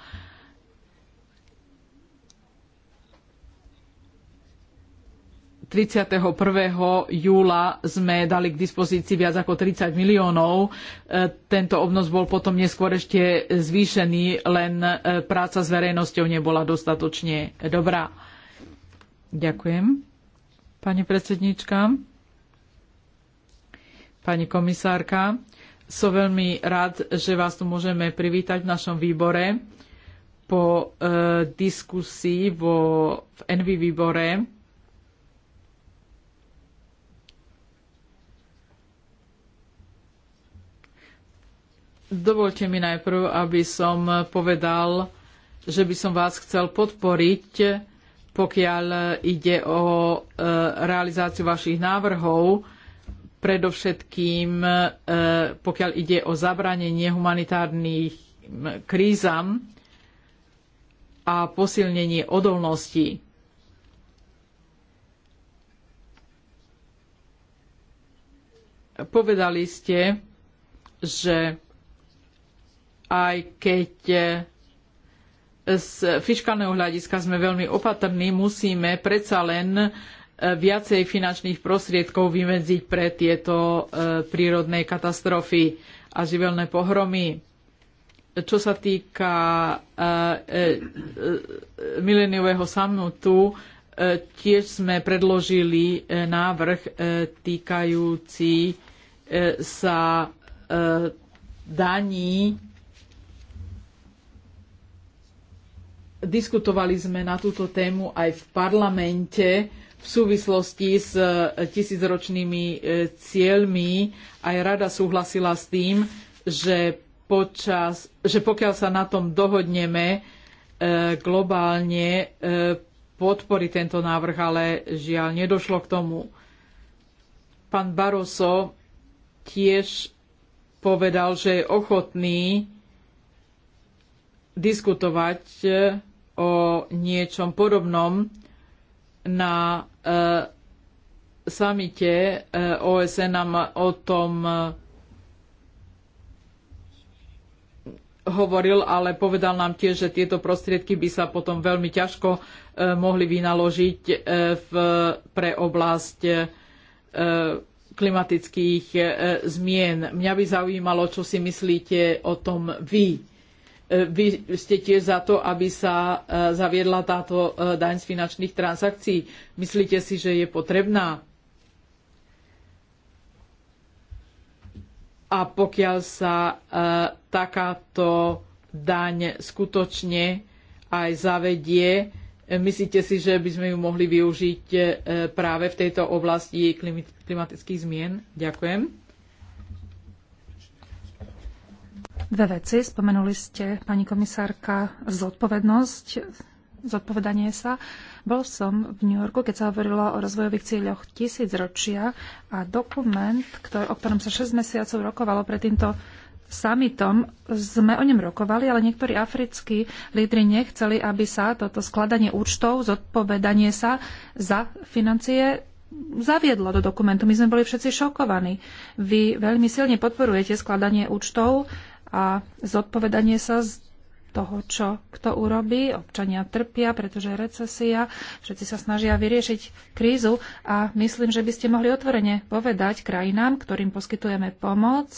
prvého júla sme dali k dispozícii viac ako 30 miliónov. E, tento obnos bol potom neskôr ešte zvýšený, len e, práca s verejnosťou nebola dostatočne dobrá Ďakujem. Pani predsednička, pani komisárka, som veľmi rád, že vás tu môžeme privítať v našom výbore po e, diskusii vo, v Envy výbore. Dovolte mi najprv, aby som povedal, že by som vás chcel podporiť pokiaľ ide o e, realizáciu vašich návrhov, predovšetkým e, pokiaľ ide o zabranenie humanitárnych krízam a posilnenie odolnosti. Povedali ste, že aj keď e, z fiškálneho hľadiska sme veľmi opatrní, musíme predsa len e, viacej finančných prostriedkov vymedziť pre tieto e, prírodné katastrofy a živelné pohromy. Čo sa týka e, mileniového samitu, tiež sme predložili návrh týkajúci sa daní Diskutovali sme na túto tému aj v parlamente v súvislosti s e, tisícročnými e, cieľmi. Aj rada súhlasila s tým, že, počas, že pokiaľ sa na tom dohodneme, e, globálne podporí tento návrh, ale žiaľ nedošlo k tomu. Pán Barroso tiež povedal, že je ochotný diskutovať o niečom podobnom na e, samite e, OSN nám o tom e, hovoril, ale povedal nám tiež, že tieto prostriedky by sa potom veľmi ťažko mohli vynaložiť v, pre oblasť klimatických zmien. Mňa by zaujímalo, čo si myslíte o tom vy. E, vy ste tiež za to, aby sa e, zaviedla táto e, daň z finančných transakcií. Myslíte si, že je potrebná? A pokiaľ sa takáto daň skutočne aj zavedie, myslíte si, že by sme ju mohli využiť práve v tejto oblasti klimatických zmien? Ďakujem. Dve veci. Spomenuli ste, pani komisárka, zodpovednosť, zodpovedanie sa. Bol som v New Yorku, keď sa hovorilo o rozvojových cieľoch tisícročia a dokument, ktorý, o ktorom sa 6 mesiacov rokovalo pred týmto summitom, sme o ňom rokovali, ale niektorí africkí lídry nechceli, aby sa toto skladanie účtov, zodpovedanie sa za financie zaviedlo do dokumentu. My sme boli všetci šokovaní. Vy veľmi silne podporujete skladanie účtov a zodpovedanie sa z toho, čo kto urobí. Občania trpia, pretože je recesia, všetci sa snažia vyriešiť krízu a myslím, že by ste mohli otvorene povedať krajinám, ktorým poskytujeme pomoc,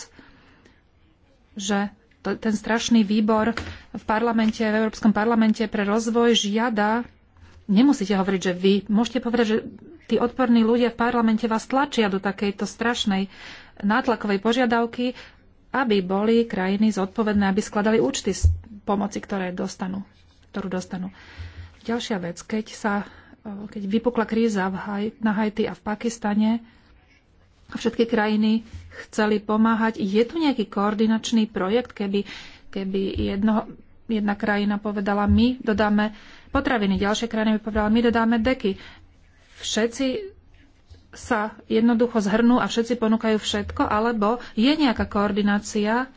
že to, ten strašný výbor v parlamente, v Európskom parlamente pre rozvoj žiada, nemusíte hovoriť, že vy, môžete povedať, že tí odporní ľudia v parlamente vás tlačia do takejto strašnej nátlakovej požiadavky aby boli krajiny zodpovedné, aby skladali účty z pomoci, ktoré dostanú, ktorú dostanú. Ďalšia vec, keď, sa, e, keď vypukla kríza v Haj, na Haiti a v Pakistane, a všetky krajiny chceli pomáhať. Je tu nejaký koordinačný projekt, keby, keby jedno, jedna krajina povedala, my dodáme potraviny, ďalšia krajina by povedala, my dodáme deky. Všetci sa jednoducho zhrnú a všetci ponúkajú všetko, alebo je nejaká koordinácia,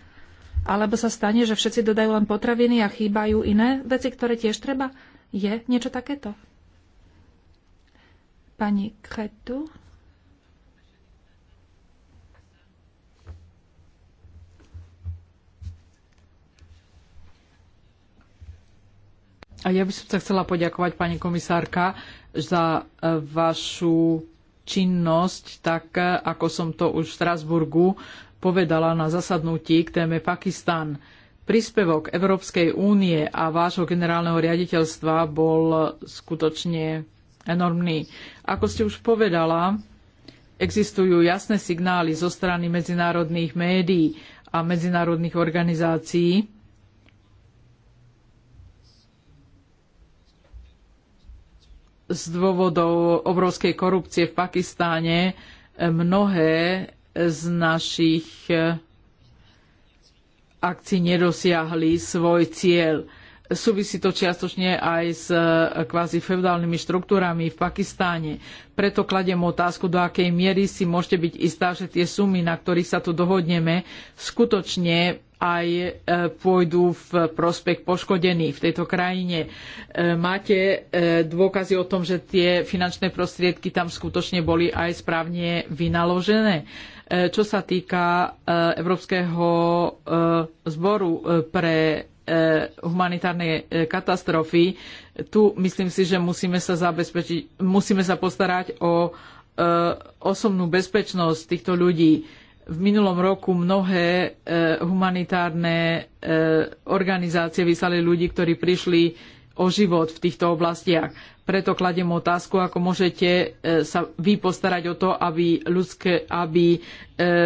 alebo sa stane, že všetci dodajú len potraviny a chýbajú iné veci, ktoré tiež treba? Je niečo takéto? Pani Kretu? A ja by som sa chcela poďakovať, pani komisárka, za e, vašu činnosť, tak eh, ako som to už v Strasburgu povedala na zasadnutí k téme Pakistan. Príspevok Európskej únie a vášho generálneho riaditeľstva bol skutočne enormný. Ako ste už povedala, existujú jasné signály zo strany medzinárodných médií a medzinárodných organizácií, z dôvodov obrovskej korupcie v Pakistáne e, mnohé z našich e, akcií nedosiahli svoj cieľ. Súvisí to čiastočne aj s e, kvázi feudálnymi štruktúrami v Pakistáne. Preto kladiem otázku, do akej miery si môžete byť istá, že tie sumy, na ktorých sa tu dohodneme, skutočne aj e, pôjdu v prospech poškodených v tejto krajine. E, máte dôkazy o tom, že tie finančné prostriedky tam skutočne boli aj správne vynaložené. Čo sa týka Európskeho zboru pre Eh, humanitárnej eh, katastrofy. Tu myslím si, že musíme sa zabezpečiť, musíme sa postarať o eh, osobnú bezpečnosť týchto ľudí. V minulom roku mnohé humanitárne organizácie vyslali ľudí, ktorí prišli o život v týchto oblastiach. Preto kladiem otázku, ako môžete sa vy postarať o to, aby, ľudské, aby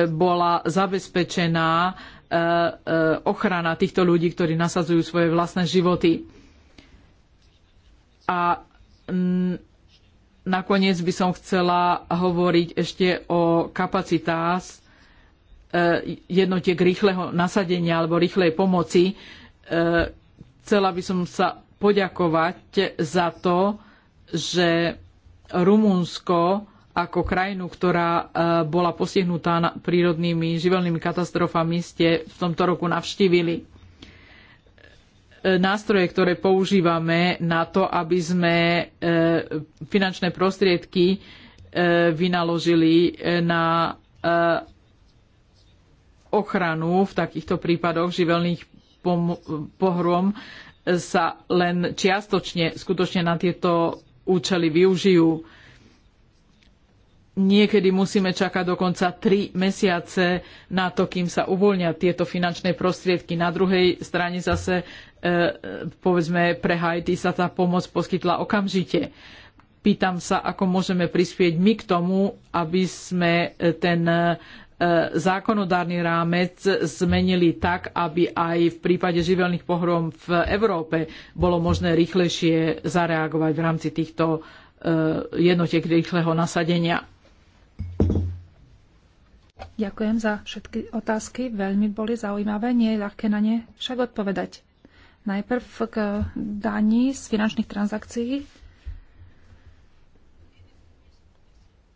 bola zabezpečená E, e, ochrana týchto ľudí, ktorí nasadzujú svoje vlastné životy. A nakoniec by som chcela hovoriť ešte o kapacitách e, jednotiek rýchleho nasadenia alebo rýchlej pomoci. Chcela by som sa poďakovať za to, že Rumunsko ako krajinu, ktorá e, bola postihnutá prírodnými živelnými katastrofami, ste v tomto roku navštívili. E, nástroje, ktoré používame na to, aby sme e, finančné prostriedky vynaložili na ochranu v takýchto prípadoch živelných pohrom, sa len čiastočne skutočne na tieto účely využijú niekedy musíme čakať dokonca tri mesiace na to, kým sa uvoľnia tieto finančné prostriedky. Na druhej strane zase, e, e, povedzme, pre Haiti sa tá pomoc poskytla okamžite. Pýtam sa, ako môžeme prispieť my k tomu, aby sme e, ten zákonodárny rámec zmenili tak, aby aj v prípade živelných pohrom v Európe bolo možné rýchlejšie zareagovať v rámci týchto jednotiek rýchleho nasadenia. Ďakujem za všetky otázky, veľmi boli zaujímavé, nie je ľahké na ne však odpovedať. Najprv k daní z finančných transakcií.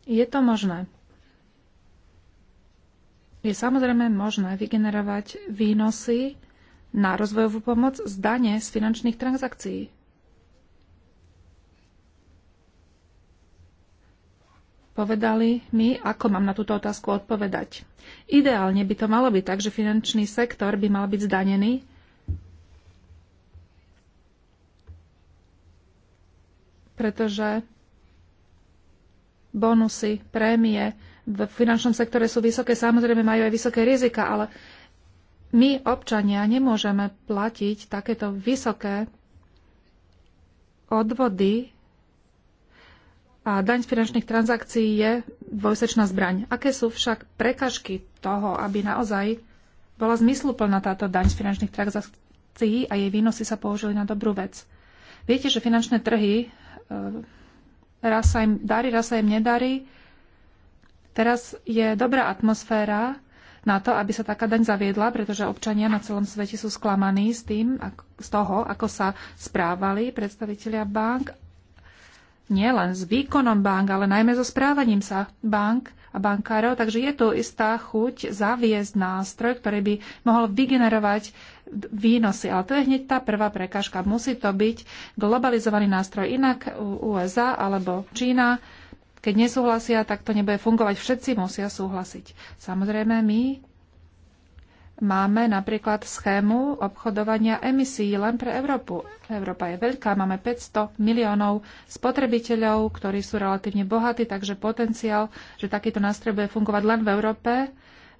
Je to možné. Je samozrejme možné vygenerovať výnosy na rozvojovú pomoc z dane z finančných transakcií. povedali mi, ako mám na túto otázku odpovedať. Ideálne by to malo byť tak, že finančný sektor by mal byť zdanený. Pretože bonusy, prémie v finančnom sektore sú vysoké, samozrejme majú aj vysoké rizika, ale my, občania, nemôžeme platiť takéto vysoké odvody a daň z finančných transakcií je dvojsečná zbraň. Aké sú však prekažky toho, aby naozaj bola zmysluplná táto daň z finančných transakcií a jej výnosy sa použili na dobrú vec? Viete, že finančné trhy, e, raz sa im darí, raz sa im nedarí. Teraz je dobrá atmosféra na to, aby sa taká daň zaviedla, pretože občania na celom svete sú sklamaní s tým, z toho, ako sa správali predstavitelia bank nielen s výkonom bank, ale najmä so správaním sa bank a bankárov. Takže je tu istá chuť zaviesť nástroj, ktorý by mohol vygenerovať výnosy. Ale to je hneď tá prvá prekážka. Musí to byť globalizovaný nástroj. Inak USA alebo Čína keď nesúhlasia, tak to nebude fungovať. Všetci musia súhlasiť. Samozrejme, my Máme napríklad schému obchodovania emisí len pre Európu. Európa je veľká, máme 500 miliónov spotrebiteľov, ktorí sú relatívne bohatí, takže potenciál, že takýto nástroj bude fungovať len v Európe,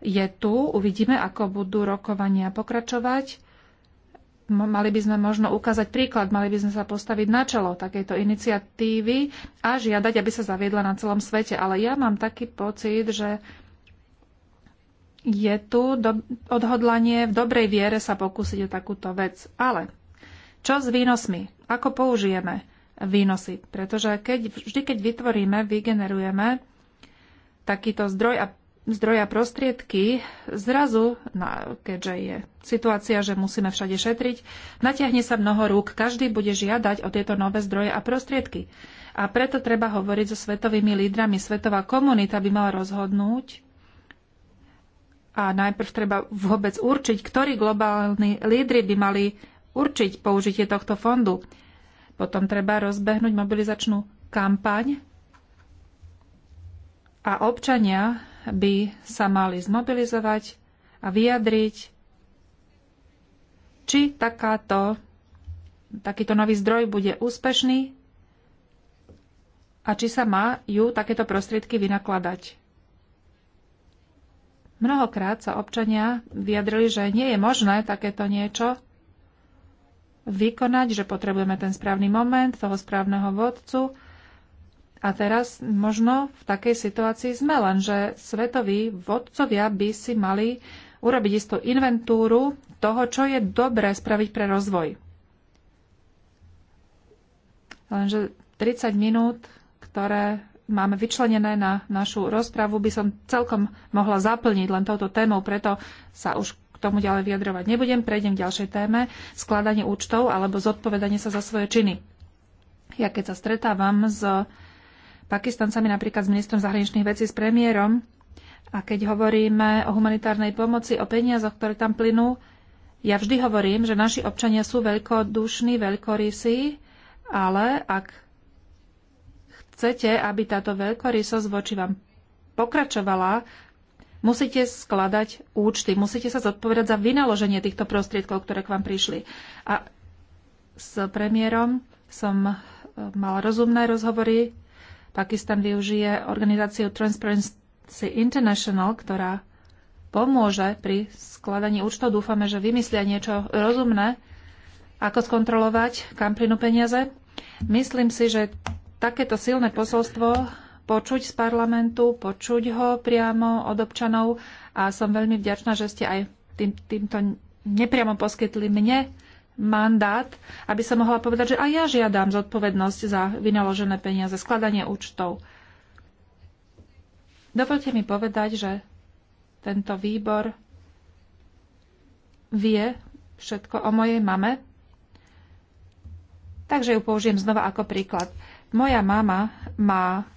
je tu. Uvidíme, ako budú rokovania pokračovať. Mali by sme možno ukázať príklad, mali by sme sa postaviť na čelo takejto iniciatívy a žiadať, aby sa zaviedla na celom svete. Ale ja mám taký pocit, že je tu do, odhodlanie v dobrej viere sa pokúsiť o takúto vec. Ale čo s výnosmi? Ako použijeme výnosy? Pretože keď, vždy, keď vytvoríme, vygenerujeme takýto zdroj a zdroja prostriedky, zrazu, no, keďže je situácia, že musíme všade šetriť, natiahne sa mnoho rúk. Každý bude žiadať o tieto nové zdroje a prostriedky. A preto treba hovoriť so svetovými lídrami. Svetová komunita by mala rozhodnúť, a najprv treba vôbec určiť, ktorí globálni lídry by mali určiť použitie tohto fondu. Potom treba rozbehnúť mobilizačnú kampaň a občania by sa mali zmobilizovať a vyjadriť, či takáto, takýto nový zdroj bude úspešný a či sa majú takéto prostriedky vynakladať. Mnohokrát sa občania vyjadrili, že nie je možné takéto niečo vykonať, že potrebujeme ten správny moment, toho správneho vodcu. A teraz možno v takej situácii sme, že svetoví vodcovia by si mali urobiť istú inventúru toho, čo je dobré spraviť pre rozvoj. Lenže 30 minút, ktoré máme vyčlenené na našu rozpravu, by som celkom mohla zaplniť len touto témou, preto sa už k tomu ďalej vyjadrovať nebudem. Prejdem k ďalšej téme, skladanie účtov alebo zodpovedanie sa za svoje činy. Ja keď sa stretávam s Pakistancami, napríklad s ministrom zahraničných vecí, s premiérom, a keď hovoríme o humanitárnej pomoci, o peniazoch, ktoré tam plynú, ja vždy hovorím, že naši občania sú veľkodušní, veľkorysí, ale ak chcete, aby táto veľkorysosť voči vám pokračovala, musíte skladať účty, musíte sa zodpovedať za vynaloženie týchto prostriedkov, ktoré k vám prišli. A s premiérom som e, mala rozumné rozhovory. Pakistan využije organizáciu Transparency International, ktorá pomôže pri skladaní účtov. Dúfame, že vymyslia niečo rozumné, ako skontrolovať, kam plynú peniaze. Myslím si, že takéto silné posolstvo počuť z parlamentu, počuť ho priamo od občanov a som veľmi vďačná, že ste aj tým, týmto nepriamo poskytli mne mandát, aby som mohla povedať, že aj ja žiadam zodpovednosť za vynaložené peniaze, skladanie účtov. Dovolte mi povedať, že tento výbor vie všetko o mojej mame, takže ju použijem znova ako príklad. Moja mama má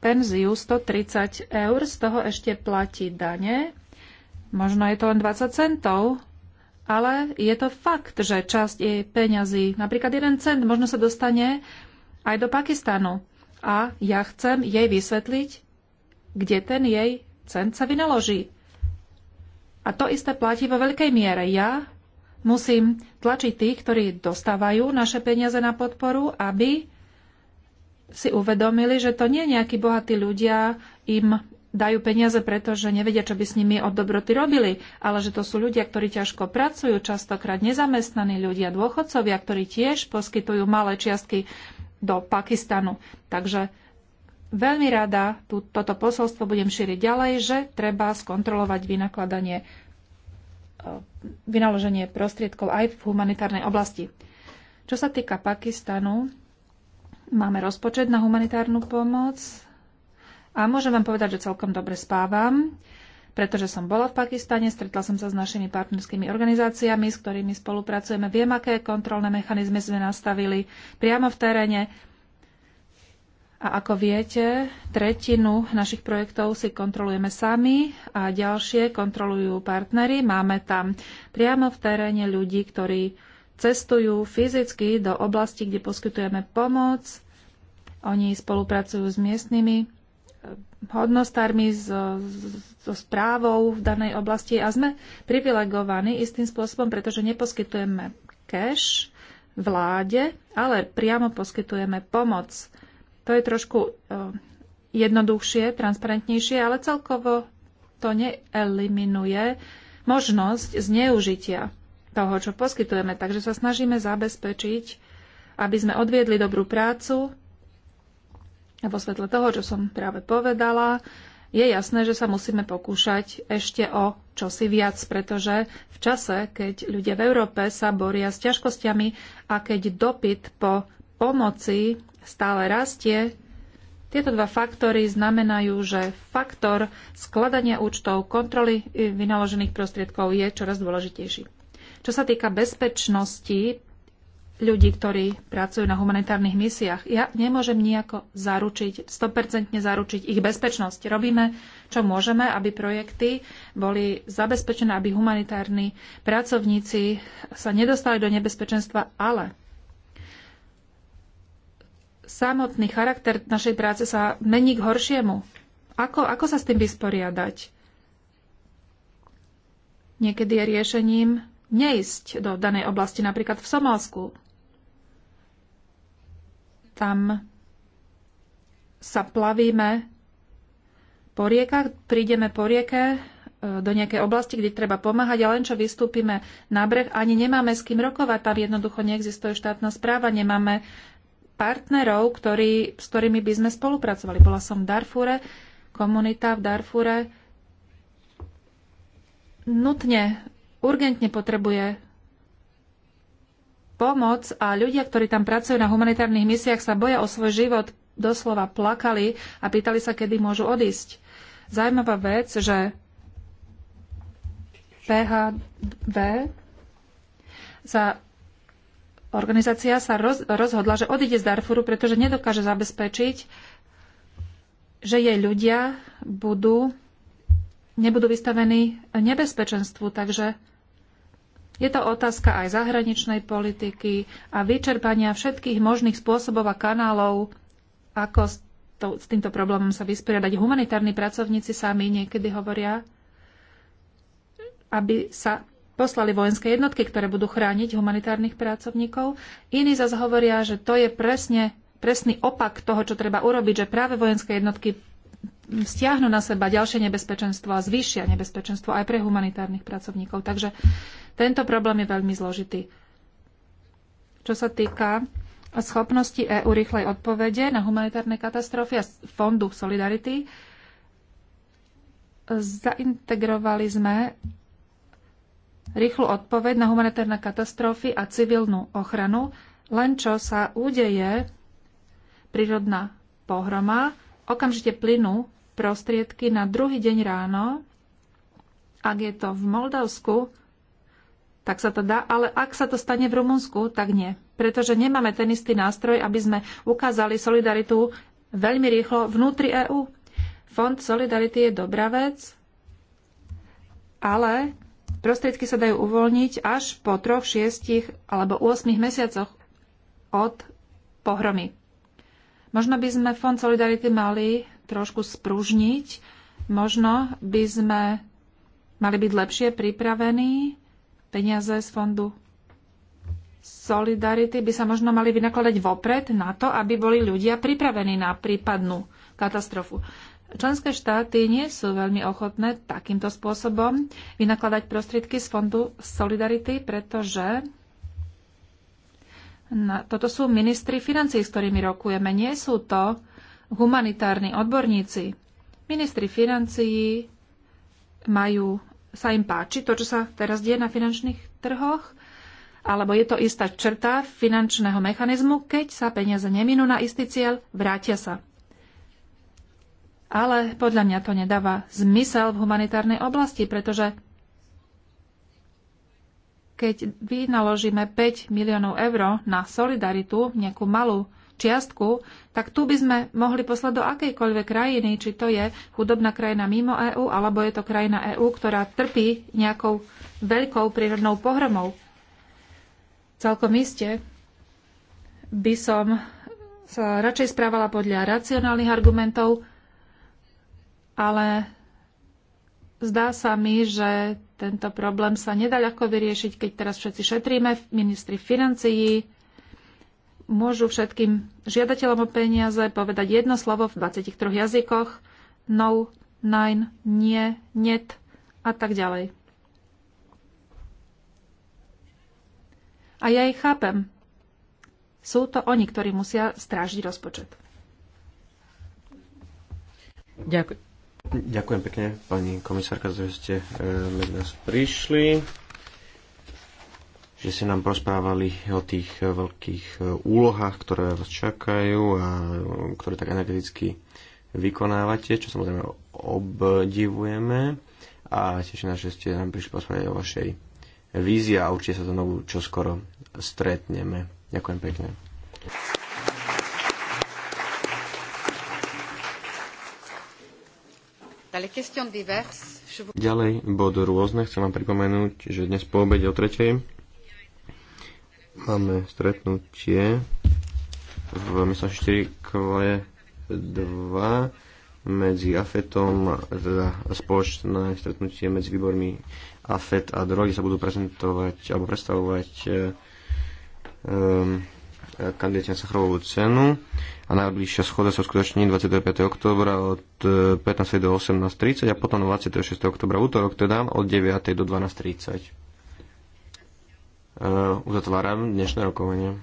penziu 130 eur, z toho ešte platí dane. Možno je to len 20 centov, ale je to fakt, že časť jej peňazí, napríklad 1 cent, možno sa dostane aj do Pakistanu. A ja chcem jej vysvetliť, kde ten jej cent sa vynaloží. A to isté platí vo veľkej miere. Ja musím tlačiť tých, ktorí dostávajú naše peniaze na podporu, aby si uvedomili, že to nie nejakí bohatí ľudia im dajú peniaze, pretože nevedia, čo by s nimi od dobroty robili, ale že to sú ľudia, ktorí ťažko pracujú, častokrát nezamestnaní ľudia, dôchodcovia, ktorí tiež poskytujú malé čiastky do Pakistanu. Takže veľmi rada tú, toto posolstvo budem šíriť ďalej, že treba skontrolovať vynakladanie e, vynaloženie prostriedkov aj v humanitárnej oblasti. Čo sa týka Pakistanu, Máme rozpočet na humanitárnu pomoc a môžem vám povedať, že celkom dobre spávam, pretože som bola v Pakistane, stretla som sa s našimi partnerskými organizáciami, s ktorými spolupracujeme. Viem, aké kontrolné mechanizmy sme nastavili priamo v teréne. A ako viete, tretinu našich projektov si kontrolujeme sami a ďalšie kontrolujú partnery. Máme tam priamo v teréne ľudí, ktorí cestujú fyzicky do oblasti, kde poskytujeme pomoc oni spolupracujú s miestnymi eh, hodnostármi, so, so správou v danej oblasti a sme privilegovaní istým spôsobom, pretože neposkytujeme cash vláde, ale priamo poskytujeme pomoc. To je trošku eh, jednoduchšie, transparentnejšie, ale celkovo to neeliminuje možnosť zneužitia toho, čo poskytujeme. Takže sa snažíme zabezpečiť, aby sme odviedli dobrú prácu, vo svetle toho, čo som práve povedala, je jasné, že sa musíme pokúšať ešte o čosi viac, pretože v čase, keď ľudia v Európe sa boria s ťažkosťami a keď dopyt po pomoci stále rastie, tieto dva faktory znamenajú, že faktor skladania účtov kontroly vynaložených prostriedkov je čoraz dôležitejší. Čo sa týka bezpečnosti ľudí, ktorí pracujú na humanitárnych misiách. Ja nemôžem nejako zaručiť, 100% zaručiť ich bezpečnosť. Robíme, čo môžeme, aby projekty boli zabezpečené, aby humanitárni pracovníci sa nedostali do nebezpečenstva, ale samotný charakter našej práce sa mení k horšiemu. Ako, ako sa s tým vysporiadať? Niekedy je riešením neísť do danej oblasti, napríklad v Somálsku. Tam sa plavíme po riekach, prídeme po rieke e, do nejakej oblasti, kde treba pomáhať a len čo vystúpime na breh, ani nemáme s kým rokovať, tam jednoducho neexistuje štátna správa, nemáme partnerov, ktorý, s ktorými by sme spolupracovali. Bola som v Darfúre, komunita v Darfúre nutne, urgentne potrebuje pomoc a ľudia, ktorí tam pracujú na humanitárnych misiách, sa boja o svoj život, doslova plakali a pýtali sa, kedy môžu odísť. Zajímavá vec, že PHV sa organizácia sa roz, rozhodla, že odíde z Darfuru, pretože nedokáže zabezpečiť, že jej ľudia budú, nebudú vystavení nebezpečenstvu. Takže je to otázka aj zahraničnej politiky a vyčerpania všetkých možných spôsobov a kanálov, ako s, to, s týmto problémom sa vysporiadať. Humanitárni pracovníci sami niekedy hovoria, aby sa poslali vojenské jednotky, ktoré budú chrániť humanitárnych pracovníkov. Iní zase hovoria, že to je presne, presný opak toho, čo treba urobiť, že práve vojenské jednotky stiahnu na seba ďalšie nebezpečenstvo a zvýšia nebezpečenstvo aj pre humanitárnych pracovníkov. Takže tento problém je veľmi zložitý. Čo sa týka schopnosti EU rýchlej odpovede na humanitárne katastrofy a fondu Solidarity, zaintegrovali sme rýchlu odpoveď na humanitárne katastrofy a civilnú ochranu, len čo sa udeje prírodná pohroma, okamžite plynú prostriedky na druhý deň ráno. Ak je to v Moldavsku, tak sa to dá, ale ak sa to stane v Rumunsku, tak nie. Pretože nemáme ten istý nástroj, aby sme ukázali solidaritu veľmi rýchlo vnútri EÚ. Fond Solidarity je dobrá vec, ale prostriedky sa dajú uvoľniť až po 3, 6 alebo 8 mesiacoch od pohromy. Možno by sme Fond Solidarity mali trošku spružniť. Možno by sme mali byť lepšie pripravení. Peniaze z fondu Solidarity by sa možno mali vynakladať vopred na to, aby boli ľudia pripravení na prípadnú katastrofu. Členské štáty nie sú veľmi ochotné takýmto spôsobom vynakladať prostriedky z fondu Solidarity, pretože na, toto sú ministri financií, s ktorými rokujeme. Nie sú to humanitárni odborníci, ministri financií majú, sa im páči to, čo sa teraz deje na finančných trhoch, alebo je to istá črta finančného mechanizmu, keď sa peniaze neminú na istý cieľ, vrátia sa. Ale podľa mňa to nedáva zmysel v humanitárnej oblasti, pretože keď vynaložíme 5 miliónov eur na solidaritu, nejakú malú čiastku, tak tu by sme mohli poslať do akejkoľvek krajiny, či to je chudobná krajina mimo EÚ, alebo je to krajina EÚ, ktorá trpí nejakou veľkou prírodnou pohromou. Celkom iste by som sa radšej správala podľa racionálnych argumentov, ale zdá sa mi, že tento problém sa nedá ľahko vyriešiť, keď teraz všetci šetríme, ministri financií, môžu všetkým žiadateľom o peniaze povedať jedno slovo v 23 jazykoch, no, nein, nie, net a tak ďalej. A ja ich chápem. Sú to oni, ktorí musia strážiť rozpočet. Ďakujem. Ďakujem pekne, pani komisárka, že ste eh, medzi nás prišli že ste nám prosprávali o tých eh, veľkých eh, úlohách, ktoré vás čakajú a eh, ktoré tak energeticky vykonávate, čo samozrejme obdivujeme a teším nás, že ste nám prišli posprávať o vašej vízii a určite sa to znovu čoskoro stretneme. Ďakujem pekne. Ďalej bod rôzne. Chcem vám pripomenúť, že dnes po obede o tretej Máme stretnutie v myslím 4 kvale 2 medzi AFETom, teda spoločné stretnutie medzi výbormi AFET a drogy sa budú prezentovať alebo predstavovať um, kandidáti na Sacharovú cenu a najbližšia schoda sa skutoční 25. oktobra od 15. E, do 18.30 a potom 26. oktobra útorok teda od 9. do 12.30. E, uzatváram dnešné rokovanie.